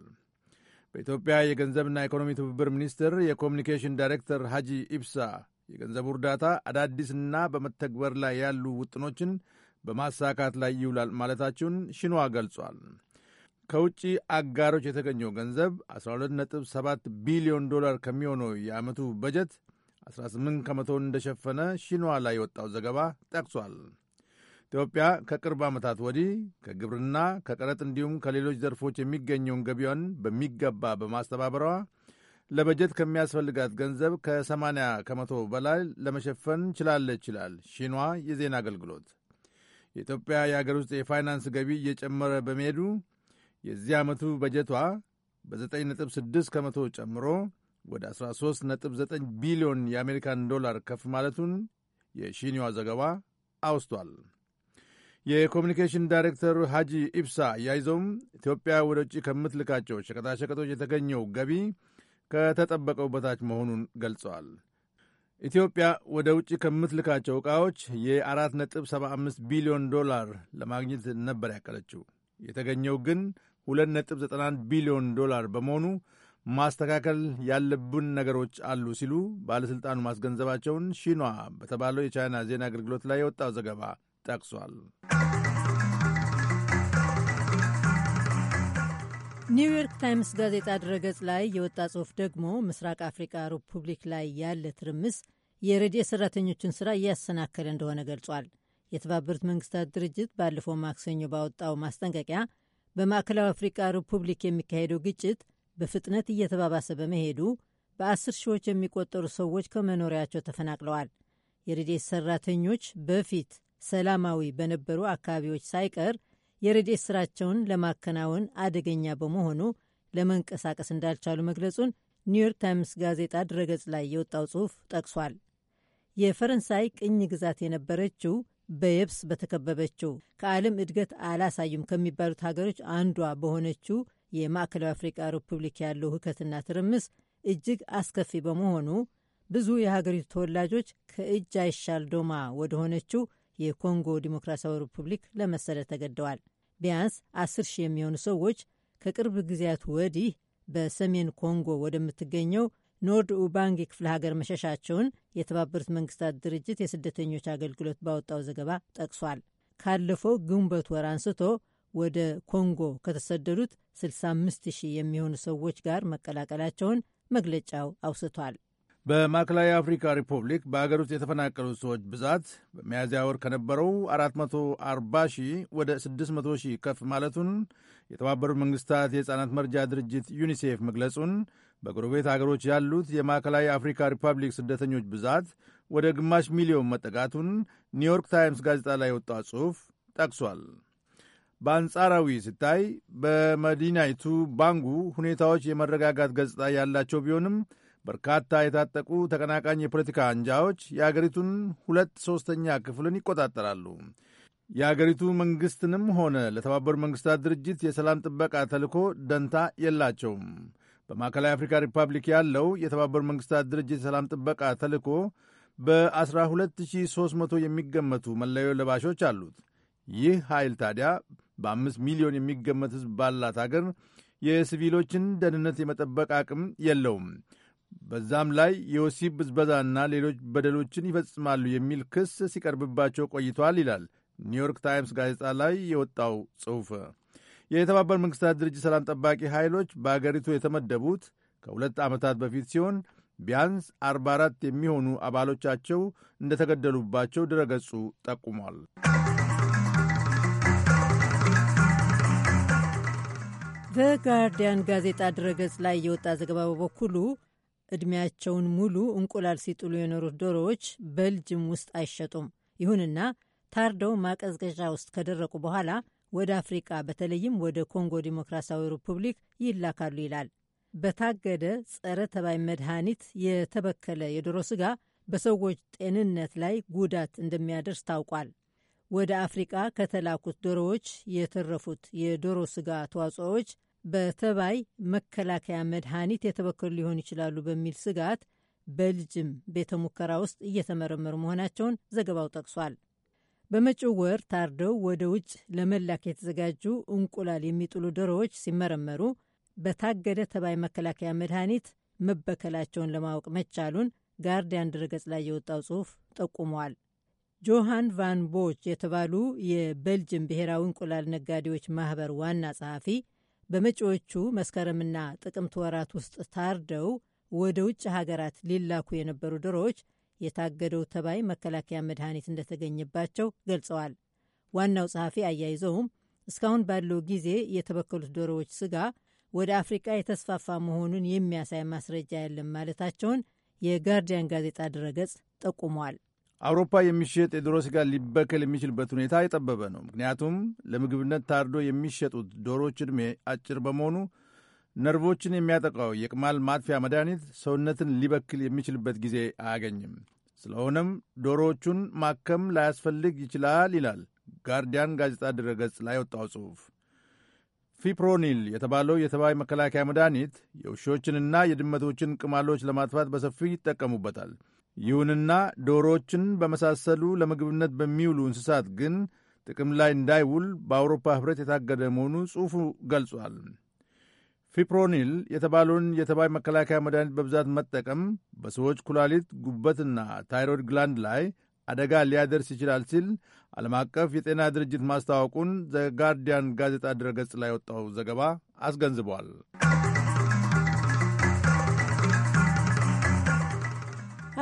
በኢትዮጵያ የገንዘብና ኢኮኖሚ ትብብር ሚኒስቴር የኮሚኒኬሽን ዳይሬክተር ሐጂ ኢብሳ የገንዘቡ እርዳታ አዳዲስና በመተግበር ላይ ያሉ ውጥኖችን በማሳካት ላይ ይውላል ማለታቸውን ሽንዋ ገልጿል። ከውጭ አጋሮች የተገኘው ገንዘብ 12.7 ቢሊዮን ዶላር ከሚሆነው የዓመቱ በጀት 18 ከመቶ እንደሸፈነ ሽንዋ ላይ የወጣው ዘገባ ጠቅሷል። ኢትዮጵያ ከቅርብ ዓመታት ወዲህ ከግብርና ከቀረጥ እንዲሁም ከሌሎች ዘርፎች የሚገኘውን ገቢዋን በሚገባ በማስተባበሯ ለበጀት ከሚያስፈልጋት ገንዘብ ከ80 ከመቶ በላይ ለመሸፈን ችላለች ይላል ሺኗ የዜና አገልግሎት። የኢትዮጵያ የአገር ውስጥ የፋይናንስ ገቢ እየጨመረ በመሄዱ የዚህ ዓመቱ በጀቷ በ9.6 ከመቶ ጨምሮ ወደ 13.9 ቢሊዮን የአሜሪካን ዶላር ከፍ ማለቱን የሺኒዋ ዘገባ አውስቷል። የኮሚኒኬሽን ዳይሬክተር ሀጂ ኢብሳ አያይዘውም ኢትዮጵያ ወደ ውጭ ከምትልካቸው ሸቀጣሸቀጦች የተገኘው ገቢ ከተጠበቀው በታች መሆኑን ገልጸዋል። ኢትዮጵያ ወደ ውጭ ከምትልካቸው ዕቃዎች የ4.75 ቢሊዮን ዶላር ለማግኘት ነበር ያቀለችው። የተገኘው ግን 2.91 ቢሊዮን ዶላር በመሆኑ ማስተካከል ያለብን ነገሮች አሉ ሲሉ ባለሥልጣኑ ማስገንዘባቸውን ሺኗ በተባለው የቻይና ዜና አገልግሎት ላይ የወጣው ዘገባ ጠቅሷል። ኒውዮርክ ታይምስ ጋዜጣ ድረገጽ ላይ የወጣ ጽሑፍ ደግሞ ምስራቅ አፍሪካ ሪፑብሊክ ላይ ያለ ትርምስ የረድኤት ሰራተኞችን ስራ እያሰናከለ እንደሆነ ገልጿል። የተባበሩት መንግስታት ድርጅት ባለፈው ማክሰኞ ባወጣው ማስጠንቀቂያ በማዕከላዊ አፍሪካ ሪፑብሊክ የሚካሄደው ግጭት በፍጥነት እየተባባሰ በመሄዱ በአስር ሺዎች የሚቆጠሩ ሰዎች ከመኖሪያቸው ተፈናቅለዋል። የረድኤት ሰራተኞች በፊት ሰላማዊ በነበሩ አካባቢዎች ሳይቀር የረድኤት ስራቸውን ለማከናወን አደገኛ በመሆኑ ለመንቀሳቀስ እንዳልቻሉ መግለጹን ኒውዮርክ ታይምስ ጋዜጣ ድረገጽ ላይ የወጣው ጽሑፍ ጠቅሷል። የፈረንሳይ ቅኝ ግዛት የነበረችው በየብስ በተከበበችው ከዓለም እድገት አላሳዩም ከሚባሉት ሀገሮች አንዷ በሆነችው የማዕከላዊ አፍሪቃ ሪፑብሊክ ያለው ሁከትና ትርምስ እጅግ አስከፊ በመሆኑ ብዙ የሀገሪቱ ተወላጆች ከእጅ አይሻል ዶማ ወደ ሆነችው የኮንጎ ዲሞክራሲያዊ ሪፑብሊክ ለመሰደድ ተገደዋል። ቢያንስ አስር ሺህ የሚሆኑ ሰዎች ከቅርብ ጊዜያት ወዲህ በሰሜን ኮንጎ ወደምትገኘው ኖርድ ኡባንግ ክፍለ ሀገር መሸሻቸውን የተባበሩት መንግስታት ድርጅት የስደተኞች አገልግሎት ባወጣው ዘገባ ጠቅሷል። ካለፈው ግንቦት ወር አንስቶ ወደ ኮንጎ ከተሰደዱት 65 ሺህ የሚሆኑ ሰዎች ጋር መቀላቀላቸውን መግለጫው አውስቷል። በማዕከላዊ አፍሪካ ሪፑብሊክ በአገር ውስጥ የተፈናቀሉ ሰዎች ብዛት በሚያዝያ ወር ከነበረው 440 ሺህ ወደ 600 ሺህ ከፍ ማለቱን የተባበሩት መንግስታት የሕፃናት መርጃ ድርጅት ዩኒሴፍ መግለጹን፣ በጎረቤት አገሮች ያሉት የማዕከላዊ አፍሪካ ሪፐብሊክ ስደተኞች ብዛት ወደ ግማሽ ሚሊዮን መጠጋቱን ኒውዮርክ ታይምስ ጋዜጣ ላይ የወጣ ጽሑፍ ጠቅሷል። በአንጻራዊ ሲታይ በመዲናይቱ ባንጉ ሁኔታዎች የመረጋጋት ገጽታ ያላቸው ቢሆንም በርካታ የታጠቁ ተቀናቃኝ የፖለቲካ አንጃዎች የአገሪቱን ሁለት ሦስተኛ ክፍልን ይቆጣጠራሉ። የአገሪቱ መንግሥትንም ሆነ ለተባበሩት መንግሥታት ድርጅት የሰላም ጥበቃ ተልእኮ ደንታ የላቸውም። በማዕከላዊ አፍሪካ ሪፐብሊክ ያለው የተባበሩት መንግሥታት ድርጅት የሰላም ጥበቃ ተልእኮ በ12300 የሚገመቱ መለዮ ለባሾች አሉት። ይህ ኃይል ታዲያ በአምስት ሚሊዮን የሚገመት ሕዝብ ባላት አገር የሲቪሎችን ደህንነት የመጠበቅ አቅም የለውም። በዛም ላይ የወሲብ ብዝበዛና ሌሎች በደሎችን ይፈጽማሉ የሚል ክስ ሲቀርብባቸው ቆይቷል ይላል ኒውዮርክ ታይምስ ጋዜጣ ላይ የወጣው ጽሑፍ። የተባበሩት መንግሥታት ድርጅት ሰላም ጠባቂ ኃይሎች በአገሪቱ የተመደቡት ከሁለት ዓመታት በፊት ሲሆን ቢያንስ 44 የሚሆኑ አባሎቻቸው እንደተገደሉባቸው ድረገጹ ጠቁሟል። በጋርዲያን ጋዜጣ ድረገጽ ላይ የወጣ ዘገባ በበኩሉ እድሜያቸውን ሙሉ እንቁላል ሲጥሉ የኖሩት ዶሮዎች በልጅም ውስጥ አይሸጡም። ይሁንና ታርደው ማቀዝቀዣ ውስጥ ከደረቁ በኋላ ወደ አፍሪቃ በተለይም ወደ ኮንጎ ዲሞክራሲያዊ ሪፑብሊክ ይላካሉ ይላል። በታገደ ጸረ ተባይ መድኃኒት የተበከለ የዶሮ ስጋ በሰዎች ጤንነት ላይ ጉዳት እንደሚያደርስ ታውቋል። ወደ አፍሪቃ ከተላኩት ዶሮዎች የተረፉት የዶሮ ስጋ ተዋጽኦዎች በተባይ መከላከያ መድኃኒት የተበከሉ ሊሆኑ ይችላሉ በሚል ስጋት በልጅም ቤተ ሙከራ ውስጥ እየተመረመሩ መሆናቸውን ዘገባው ጠቅሷል። በመጪው ወር ታርደው ወደ ውጭ ለመላክ የተዘጋጁ እንቁላል የሚጥሉ ዶሮዎች ሲመረመሩ በታገደ ተባይ መከላከያ መድኃኒት መበከላቸውን ለማወቅ መቻሉን ጋርዲያን ድረገጽ ላይ የወጣው ጽሑፍ ጠቁመዋል። ጆሃን ቫን ቦች የተባሉ የበልጅም ብሔራዊ እንቁላል ነጋዴዎች ማህበር ዋና ጸሐፊ በመጪዎቹ መስከረምና ጥቅምት ወራት ውስጥ ታርደው ወደ ውጭ ሀገራት ሊላኩ የነበሩ ዶሮዎች የታገደው ተባይ መከላከያ መድኃኒት እንደተገኘባቸው ገልጸዋል። ዋናው ጸሐፊ አያይዘውም እስካሁን ባለው ጊዜ የተበከሉት ዶሮዎች ስጋ ወደ አፍሪቃ የተስፋፋ መሆኑን የሚያሳይ ማስረጃ የለም ማለታቸውን የጋርዲያን ጋዜጣ ድረገጽ ጠቁሟል። አውሮፓ የሚሸጥ የዶሮ ስጋ ሊበከል የሚችልበት ሁኔታ የጠበበ ነው። ምክንያቱም ለምግብነት ታርዶ የሚሸጡት ዶሮዎች ዕድሜ አጭር በመሆኑ ነርቮችን የሚያጠቃው የቅማል ማጥፊያ መድኃኒት ሰውነትን ሊበክል የሚችልበት ጊዜ አያገኝም። ስለሆነም ዶሮዎቹን ማከም ላያስፈልግ ይችላል ይላል ጋርዲያን ጋዜጣ ድረገጽ ላይ ወጣው ጽሑፍ። ፊፕሮኒል የተባለው የተባይ መከላከያ መድኃኒት የውሾችንና የድመቶችን ቅማሎች ለማጥፋት በሰፊው ይጠቀሙበታል። ይሁንና ዶሮዎችን በመሳሰሉ ለምግብነት በሚውሉ እንስሳት ግን ጥቅም ላይ እንዳይውል በአውሮፓ ኅብረት የታገደ መሆኑ ጽሑፉ ገልጿል። ፊፕሮኒል የተባለውን የተባይ መከላከያ መድኃኒት በብዛት መጠቀም በሰዎች ኩላሊት፣ ጉበትና ታይሮይድ ግላንድ ላይ አደጋ ሊያደርስ ይችላል ሲል ዓለም አቀፍ የጤና ድርጅት ማስታወቁን ዘጋርዲያን ጋዜጣ ድረገጽ ላይ ወጣው ዘገባ አስገንዝቧል።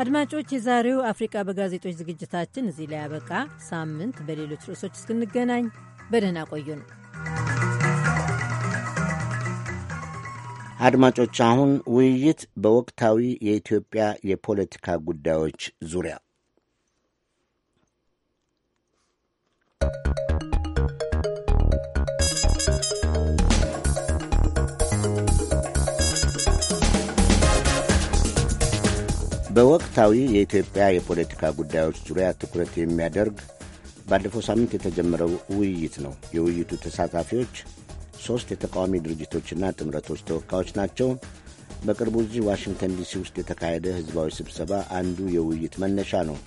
አድማጮች፣ የዛሬው አፍሪቃ በጋዜጦች ዝግጅታችን እዚህ ላይ ያበቃ። ሳምንት በሌሎች ርዕሶች እስክንገናኝ በደህና ቆዩ አድማጮች፣ አሁን ውይይት በወቅታዊ የኢትዮጵያ የፖለቲካ ጉዳዮች ዙሪያ በወቅታዊ የኢትዮጵያ የፖለቲካ ጉዳዮች ዙሪያ ትኩረት የሚያደርግ ባለፈው ሳምንት የተጀመረው ውይይት ነው። የውይይቱ ተሳታፊዎች ሦስት የተቃዋሚ ድርጅቶችና ጥምረቶች ተወካዮች ናቸው። በቅርቡ እዚህ ዋሽንግተን ዲሲ ውስጥ የተካሄደ ሕዝባዊ ስብሰባ አንዱ የውይይት መነሻ ነው።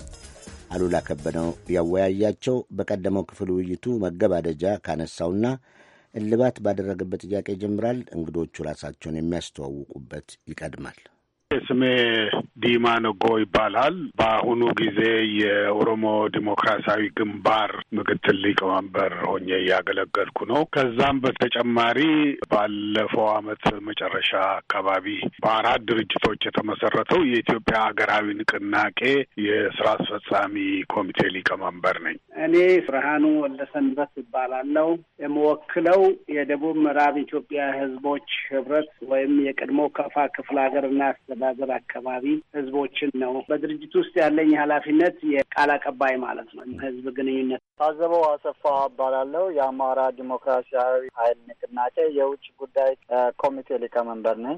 አሉላ ከበነው ያወያያቸው በቀደመው ክፍል ውይይቱ መገባደጃ ካነሳውና እልባት ባደረገበት ጥያቄ ይጀምራል። እንግዶቹ ራሳቸውን የሚያስተዋውቁበት ይቀድማል። ስሜ ዲማ ነጎ ይባላል። በአሁኑ ጊዜ የኦሮሞ ዲሞክራሲያዊ ግንባር ምክትል ሊቀመንበር ሆኜ እያገለገልኩ ነው። ከዛም በተጨማሪ ባለፈው ዓመት መጨረሻ አካባቢ በአራት ድርጅቶች የተመሰረተው የኢትዮጵያ ሀገራዊ ንቅናቄ የስራ አስፈጻሚ ኮሚቴ ሊቀመንበር ነኝ። እኔ ብርሃኑ ወልደሰንበት ይባላለው የምወክለው የደቡብ ምዕራብ ኢትዮጵያ ህዝቦች ህብረት ወይም የቀድሞ ከፋ ክፍለ ሀገርና አስተዳደር አካባቢ ህዝቦችን ነው። በድርጅት ውስጥ ያለኝ ኃላፊነት የቃል አቀባይ ማለት ነው፣ ህዝብ ግንኙነት። ታዘበው አሰፋ እባላለሁ። የአማራ ዲሞክራሲያዊ ኃይል ንቅናቄ የውጭ ጉዳይ ኮሚቴ ሊቀመንበር ነኝ።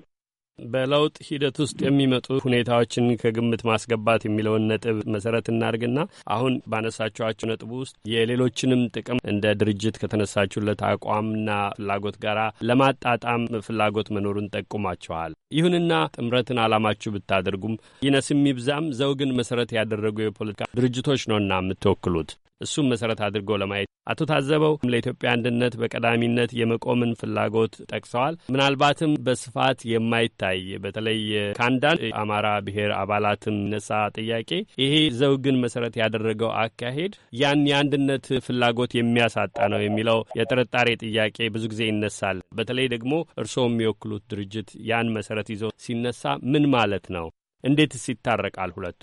በለውጥ ሂደት ውስጥ የሚመጡ ሁኔታዎችን ከግምት ማስገባት የሚለውን ነጥብ መሰረት እናድርግና አሁን ባነሳችኋቸው ነጥቡ ውስጥ የሌሎችንም ጥቅም እንደ ድርጅት ከተነሳችሁለት አቋምና ፍላጎት ጋር ለማጣጣም ፍላጎት መኖሩን ጠቁማችኋል። ይሁንና ጥምረትን አላማችሁ ብታደርጉም ይነስ የሚብዛም ዘውግን መሰረት ያደረጉ የፖለቲካ ድርጅቶች ነውና የምትወክሉት እሱም መሰረት አድርጎ ለማየት አቶ ታዘበው ለኢትዮጵያ አንድነት በቀዳሚነት የመቆምን ፍላጎት ጠቅሰዋል። ምናልባትም በስፋት የማይታይ በተለይ ከአንዳንድ የአማራ ብሔር አባላት የሚነሳ ጥያቄ ይሄ ዘውግን መሰረት ያደረገው አካሄድ ያን የአንድነት ፍላጎት የሚያሳጣ ነው የሚለው የጥርጣሬ ጥያቄ ብዙ ጊዜ ይነሳል። በተለይ ደግሞ እርስዎ የሚወክሉት ድርጅት ያን መሰረት ይዞ ሲነሳ ምን ማለት ነው? እንዴትስ ይታረቃል ሁለቱ?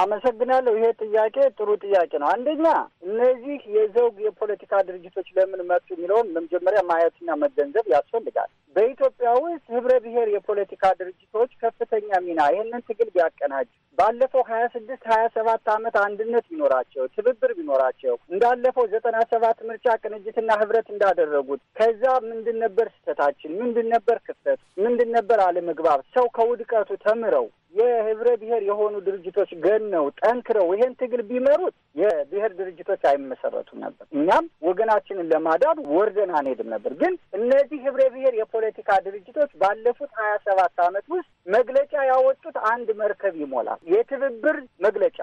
አመሰግናለሁ። ይሄ ጥያቄ ጥሩ ጥያቄ ነው። አንደኛ እነዚህ የዘውግ የፖለቲካ ድርጅቶች ለምን መጡ የሚለውን መጀመሪያ ማየትና መገንዘብ ያስፈልጋል። በኢትዮጵያ ውስጥ ህብረ ብሔር የፖለቲካ ድርጅቶች ከፍተኛ ሚና ይህንን ትግል ቢያቀናጅ ባለፈው ሀያ ስድስት ሀያ ሰባት ዓመት አንድነት ቢኖራቸው ትብብር ቢኖራቸው እንዳለፈው ዘጠና ሰባት ምርጫ ቅንጅትና ህብረት እንዳደረጉት ከዛ ምንድን ነበር ስህተታችን? ምንድን ነበር ክፍተት? ምንድን ነበር አለመግባብ? ሰው ከውድቀቱ ተምረው የህብረ ብሔር የሆኑ ድርጅቶች ገነው ጠንክረው ይሄን ትግል ቢመሩት የብሔር ድርጅቶች አይመሰረቱም ነበር። እኛም ወገናችንን ለማዳብ ወርደን አንሄድም ነበር። ግን እነዚህ ህብረ ብሔር የፖለቲካ ድርጅቶች ባለፉት ሀያ ሰባት ዓመት ውስጥ መግለጫ ያወጡት አንድ መርከብ ይሞላል። የትብብር መግለጫ፣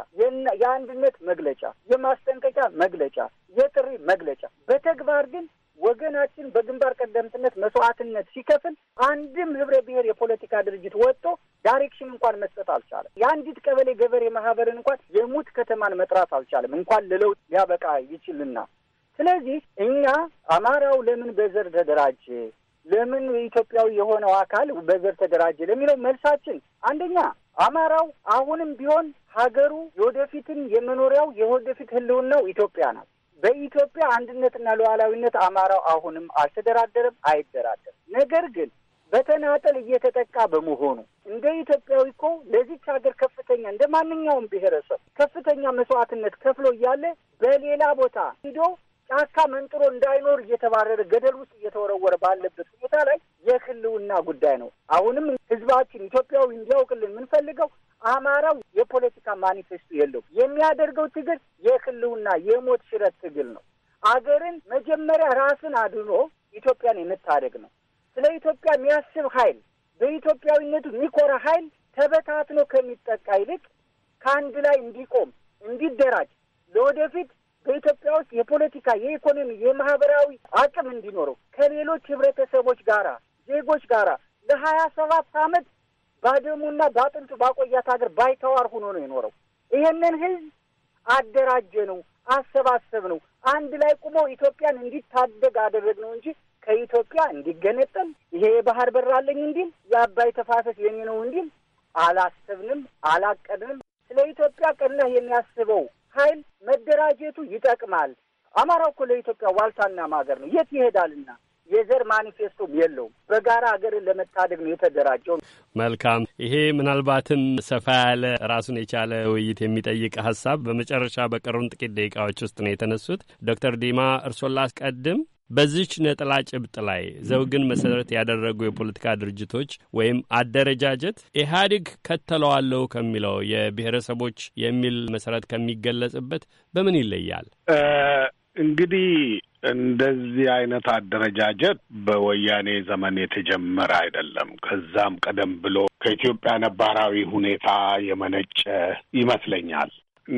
የአንድነት መግለጫ፣ የማስጠንቀቂያ መግለጫ፣ የጥሪ መግለጫ በተግባር ግን ወገናችን በግንባር ቀደምትነት መስዋዕትነት ሲከፍል አንድም ህብረ ብሔር የፖለቲካ ድርጅት ወጥቶ ዳይሬክሽን እንኳን መስጠት አልቻለም። የአንዲት ቀበሌ ገበሬ ማህበርን እንኳን የሙት ከተማን መጥራት አልቻለም። እንኳን ለለውጥ ሊያበቃ ይችልና ስለዚህ እኛ አማራው ለምን በዘር ተደራጀ፣ ለምን ኢትዮጵያዊ የሆነው አካል በዘር ተደራጀ ለሚለው መልሳችን አንደኛ አማራው አሁንም ቢሆን ሀገሩ የወደፊትን የመኖሪያው የወደፊት ህልውናው ኢትዮጵያ ናት። በኢትዮጵያ አንድነትና ሉዓላዊነት አማራው አሁንም አልተደራደረም፣ አይደራደርም። ነገር ግን በተናጠል እየተጠቃ በመሆኑ እንደ ኢትዮጵያዊ እኮ ለዚች ሀገር ከፍተኛ እንደ ማንኛውም ብሔረሰብ ከፍተኛ መስዋዕትነት ከፍሎ እያለ በሌላ ቦታ ሂዶ ጫካ መንጥሮ እንዳይኖር እየተባረረ ገደል ውስጥ እየተወረወረ ባለበት ሁኔታ ላይ የህልውና ጉዳይ ነው። አሁንም ህዝባችን ኢትዮጵያዊ እንዲያውቅልን የምንፈልገው አማራው የፖለቲካ ማኒፌስቶ የለው የሚያደርገው ትግል የህልውና የሞት ሽረት ትግል ነው። አገርን መጀመሪያ ራስን አድኖ ኢትዮጵያን የምታደግ ነው። ስለ ኢትዮጵያ የሚያስብ ኃይል በኢትዮጵያዊነቱ የሚኮራ ኃይል ተበታትኖ ከሚጠቃ ይልቅ ከአንድ ላይ እንዲቆም እንዲደራጅ ለወደፊት በኢትዮጵያ ውስጥ የፖለቲካ፣ የኢኮኖሚ፣ የማህበራዊ አቅም እንዲኖረው ከሌሎች ህብረተሰቦች ጋራ ዜጎች ጋራ ለሀያ ሰባት አመት ባደሙና በአጥንቱ ባቆያት ሀገር ባይተዋር ሆኖ ነው የኖረው። ይሄንን ህዝብ አደራጀ ነው አሰባሰብ ነው አንድ ላይ ቁሞ ኢትዮጵያን እንዲታደግ አደረግ ነው እንጂ ከኢትዮጵያ እንዲገነጠል ይሄ የባህር በር አለኝ እንዲል የአባይ ተፋሰስ የኔ ነው እንዲል አላስብንም፣ አላቀድንም። ስለ ኢትዮጵያ ቀናህ የሚያስበው ኃይል መደራጀቱ ይጠቅማል። አማራ እኮ ለኢትዮጵያ ዋልታና ማገር ነው። የት ይሄዳልና? የዘር ማኒፌስቶም የለውም። በጋራ ሀገርን ለመታደግ ነው የተደራጀው። መልካም። ይሄ ምናልባትም ሰፋ ያለ ራሱን የቻለ ውይይት የሚጠይቅ ሀሳብ በመጨረሻ በቀሩን ጥቂት ደቂቃዎች ውስጥ ነው የተነሱት። ዶክተር ዲማ እርሶን ላስቀድም። በዚች ነጠላ ጭብጥ ላይ ዘውግን መሰረት ያደረጉ የፖለቲካ ድርጅቶች ወይም አደረጃጀት ኢህአዴግ ከተለዋለው ከሚለው የብሔረሰቦች የሚል መሰረት ከሚገለጽበት በምን ይለያል? እንግዲህ እንደዚህ አይነት አደረጃጀት በወያኔ ዘመን የተጀመረ አይደለም። ከዛም ቀደም ብሎ ከኢትዮጵያ ነባራዊ ሁኔታ የመነጨ ይመስለኛል።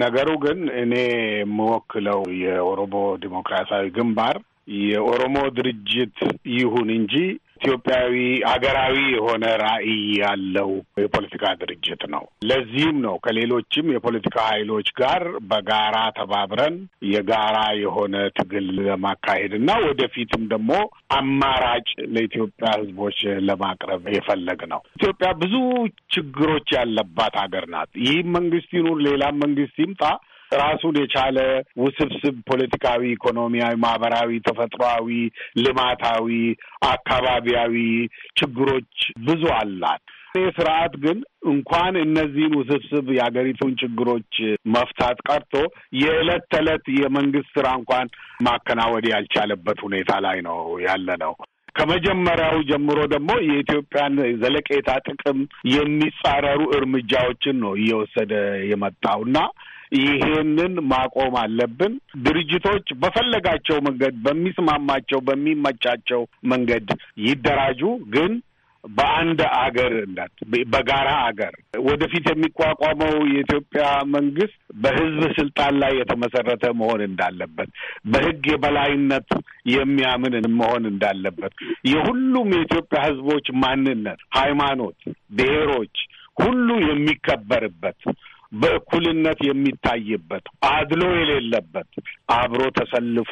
ነገሩ ግን እኔ የምወክለው የኦሮሞ ዲሞክራሲያዊ ግንባር የኦሮሞ ድርጅት ይሁን እንጂ ኢትዮጵያዊ ሀገራዊ የሆነ ራዕይ ያለው የፖለቲካ ድርጅት ነው። ለዚህም ነው ከሌሎችም የፖለቲካ ኃይሎች ጋር በጋራ ተባብረን የጋራ የሆነ ትግል ለማካሄድ እና ወደፊትም ደግሞ አማራጭ ለኢትዮጵያ ሕዝቦች ለማቅረብ የፈለግ ነው። ኢትዮጵያ ብዙ ችግሮች ያለባት ሀገር ናት። ይህም መንግስት ይኑር ሌላም መንግስት ይምጣ ራሱን የቻለ ውስብስብ ፖለቲካዊ፣ ኢኮኖሚያዊ፣ ማህበራዊ፣ ተፈጥሯዊ፣ ልማታዊ፣ አካባቢያዊ ችግሮች ብዙ አላት። ይህ ስርዓት ግን እንኳን እነዚህን ውስብስብ የሀገሪቱን ችግሮች መፍታት ቀርቶ የዕለት ተዕለት የመንግስት ስራ እንኳን ማከናወን ያልቻለበት ሁኔታ ላይ ነው ያለ ነው። ከመጀመሪያው ጀምሮ ደግሞ የኢትዮጵያን ዘለቄታ ጥቅም የሚጻረሩ እርምጃዎችን ነው እየወሰደ የመጣው እና ይሄንን ማቆም አለብን። ድርጅቶች በፈለጋቸው መንገድ በሚስማማቸው በሚመቻቸው መንገድ ይደራጁ ግን በአንድ አገር እንዳት በጋራ አገር ወደፊት የሚቋቋመው የኢትዮጵያ መንግስት በህዝብ ስልጣን ላይ የተመሰረተ መሆን እንዳለበት፣ በህግ የበላይነት የሚያምን መሆን እንዳለበት፣ የሁሉም የኢትዮጵያ ህዝቦች ማንነት፣ ሃይማኖት፣ ብሔሮች ሁሉ የሚከበርበት በእኩልነት የሚታይበት አድሎ የሌለበት አብሮ ተሰልፎ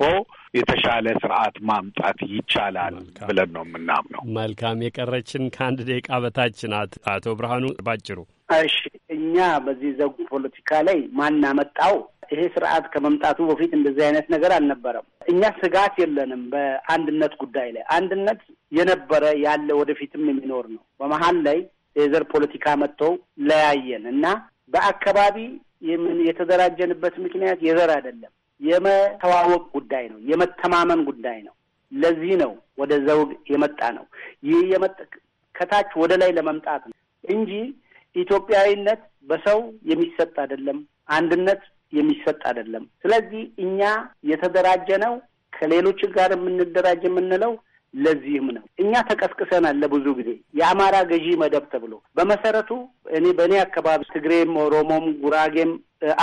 የተሻለ ስርዓት ማምጣት ይቻላል ብለን ነው የምናምነው። መልካም። የቀረችን ከአንድ ደቂቃ በታች ናት። አቶ ብርሃኑ ባጭሩ። እሺ፣ እኛ በዚህ ዘጉ ፖለቲካ ላይ ማናመጣው ይሄ ስርዓት ከመምጣቱ በፊት እንደዚህ አይነት ነገር አልነበረም። እኛ ስጋት የለንም በአንድነት ጉዳይ ላይ። አንድነት የነበረ ያለ ወደፊትም የሚኖር ነው። በመሀል ላይ የዘር ፖለቲካ መጥቶ ለያየን እና በአካባቢ የተደራጀንበት ምክንያት የዘር አይደለም፣ የመተዋወቅ ጉዳይ ነው፣ የመተማመን ጉዳይ ነው። ለዚህ ነው ወደ ዘውግ የመጣ ነው። ይህ ከታች ወደ ላይ ለመምጣት ነው እንጂ ኢትዮጵያዊነት በሰው የሚሰጥ አይደለም። አንድነት የሚሰጥ አይደለም። ስለዚህ እኛ የተደራጀ ነው ከሌሎች ጋር የምንደራጅ የምንለው ለዚህም ነው እኛ ተቀስቅሰናል ለብዙ ጊዜ የአማራ ገዢ መደብ ተብሎ። በመሰረቱ እኔ በእኔ አካባቢ ትግሬም፣ ኦሮሞም፣ ጉራጌም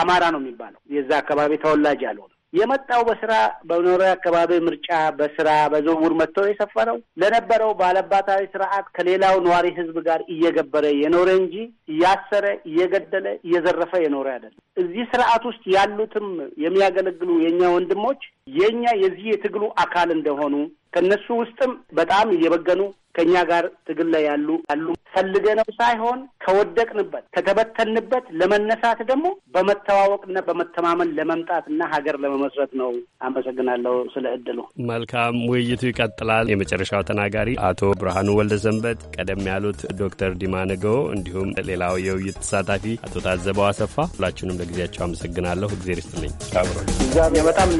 አማራ ነው የሚባለው የዛ አካባቢ ተወላጅ ያልሆነ የመጣው በስራ በኖሪ አካባቢ ምርጫ በስራ በዝውውር መጥቶ የሰፈረው ለነበረው ባለባታዊ ስርዓት ከሌላው ነዋሪ ህዝብ ጋር እየገበረ የኖረ እንጂ እያሰረ እየገደለ እየዘረፈ የኖረ አይደለም። እዚህ ስርዓት ውስጥ ያሉትም የሚያገለግሉ የእኛ ወንድሞች የእኛ የዚህ የትግሉ አካል እንደሆኑ ከእነሱ ውስጥም በጣም እየበገኑ ከእኛ ጋር ትግል ላይ ያሉ ያሉ ፈልገነው ሳይሆን ከወደቅንበት ከተበተንበት ለመነሳት ደግሞ በመተዋወቅና በመተማመን ለመምጣትና ሀገር ለመመስረት ነው። አመሰግናለሁ ስለ እድሉ። መልካም ውይይቱ ይቀጥላል። የመጨረሻው ተናጋሪ አቶ ብርሃኑ ወልደ ሰንበት፣ ቀደም ያሉት ዶክተር ዲማ እንዲሁም ሌላው የውይይት ተሳታፊ አቶ ታዘበው አሰፋ ሁላችሁንም ለጊዜያቸው አመሰግናለሁ። እግዜር ይስጥልኝ። በጣም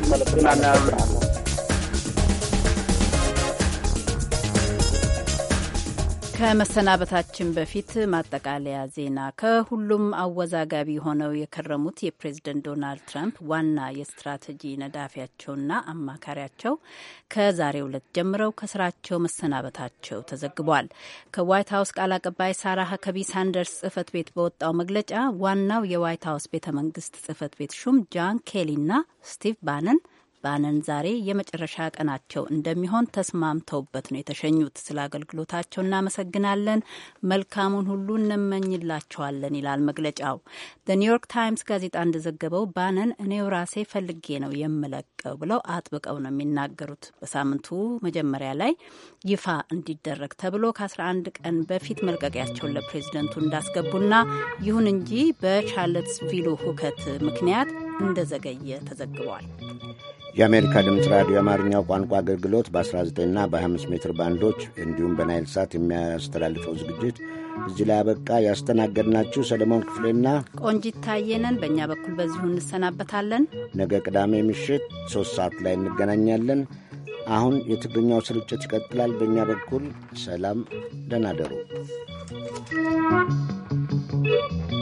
ከመሰናበታችን በፊት ማጠቃለያ ዜና። ከሁሉም አወዛጋቢ ሆነው የከረሙት የፕሬዝደንት ዶናልድ ትራምፕ ዋና የስትራቴጂ ነዳፊያቸውና አማካሪያቸው ከዛሬው ዕለት ጀምረው ከስራቸው መሰናበታቸው ተዘግቧል። ከዋይት ሀውስ ቃል አቀባይ ሳራ ሀከቢ ሳንደርስ ጽህፈት ቤት በወጣው መግለጫ ዋናው የዋይት ሀውስ ቤተ መንግስት ጽህፈት ቤት ሹም ጃን ኬሊና ስቲቭ ባነን ባነን ዛሬ የመጨረሻ ቀናቸው እንደሚሆን ተስማምተውበት ነው የተሸኙት። ስለ አገልግሎታቸው እናመሰግናለን፣ መልካሙን ሁሉ እንመኝላቸዋለን ይላል መግለጫው። ኒውዮርክ ታይምስ ጋዜጣ እንደዘገበው ባነን እኔው ራሴ ፈልጌ ነው የምለቀው ብለው አጥብቀው ነው የሚናገሩት። በሳምንቱ መጀመሪያ ላይ ይፋ እንዲደረግ ተብሎ ከ11 ቀን በፊት መልቀቂያቸውን ለፕሬዚደንቱ እንዳስገቡና ይሁን እንጂ በቻርለትስቪሉ ሁከት ምክንያት እንደዘገየ ተዘግቧል። የአሜሪካ ድምፅ ራዲዮ የአማርኛው ቋንቋ አገልግሎት በ19ና በ 5 ሜትር ባንዶች እንዲሁም በናይል ሳት የሚያስተላልፈው ዝግጅት እዚህ ላይ አበቃ። ያስተናገድናችሁ ሰለሞን ክፍሌና ቆንጂት ታየነን። በእኛ በኩል በዚሁ እንሰናበታለን። ነገ ቅዳሜ ምሽት ሶስት ሰዓት ላይ እንገናኛለን። አሁን የትግርኛው ስርጭት ይቀጥላል። በእኛ በኩል ሰላም፣ ደህና you.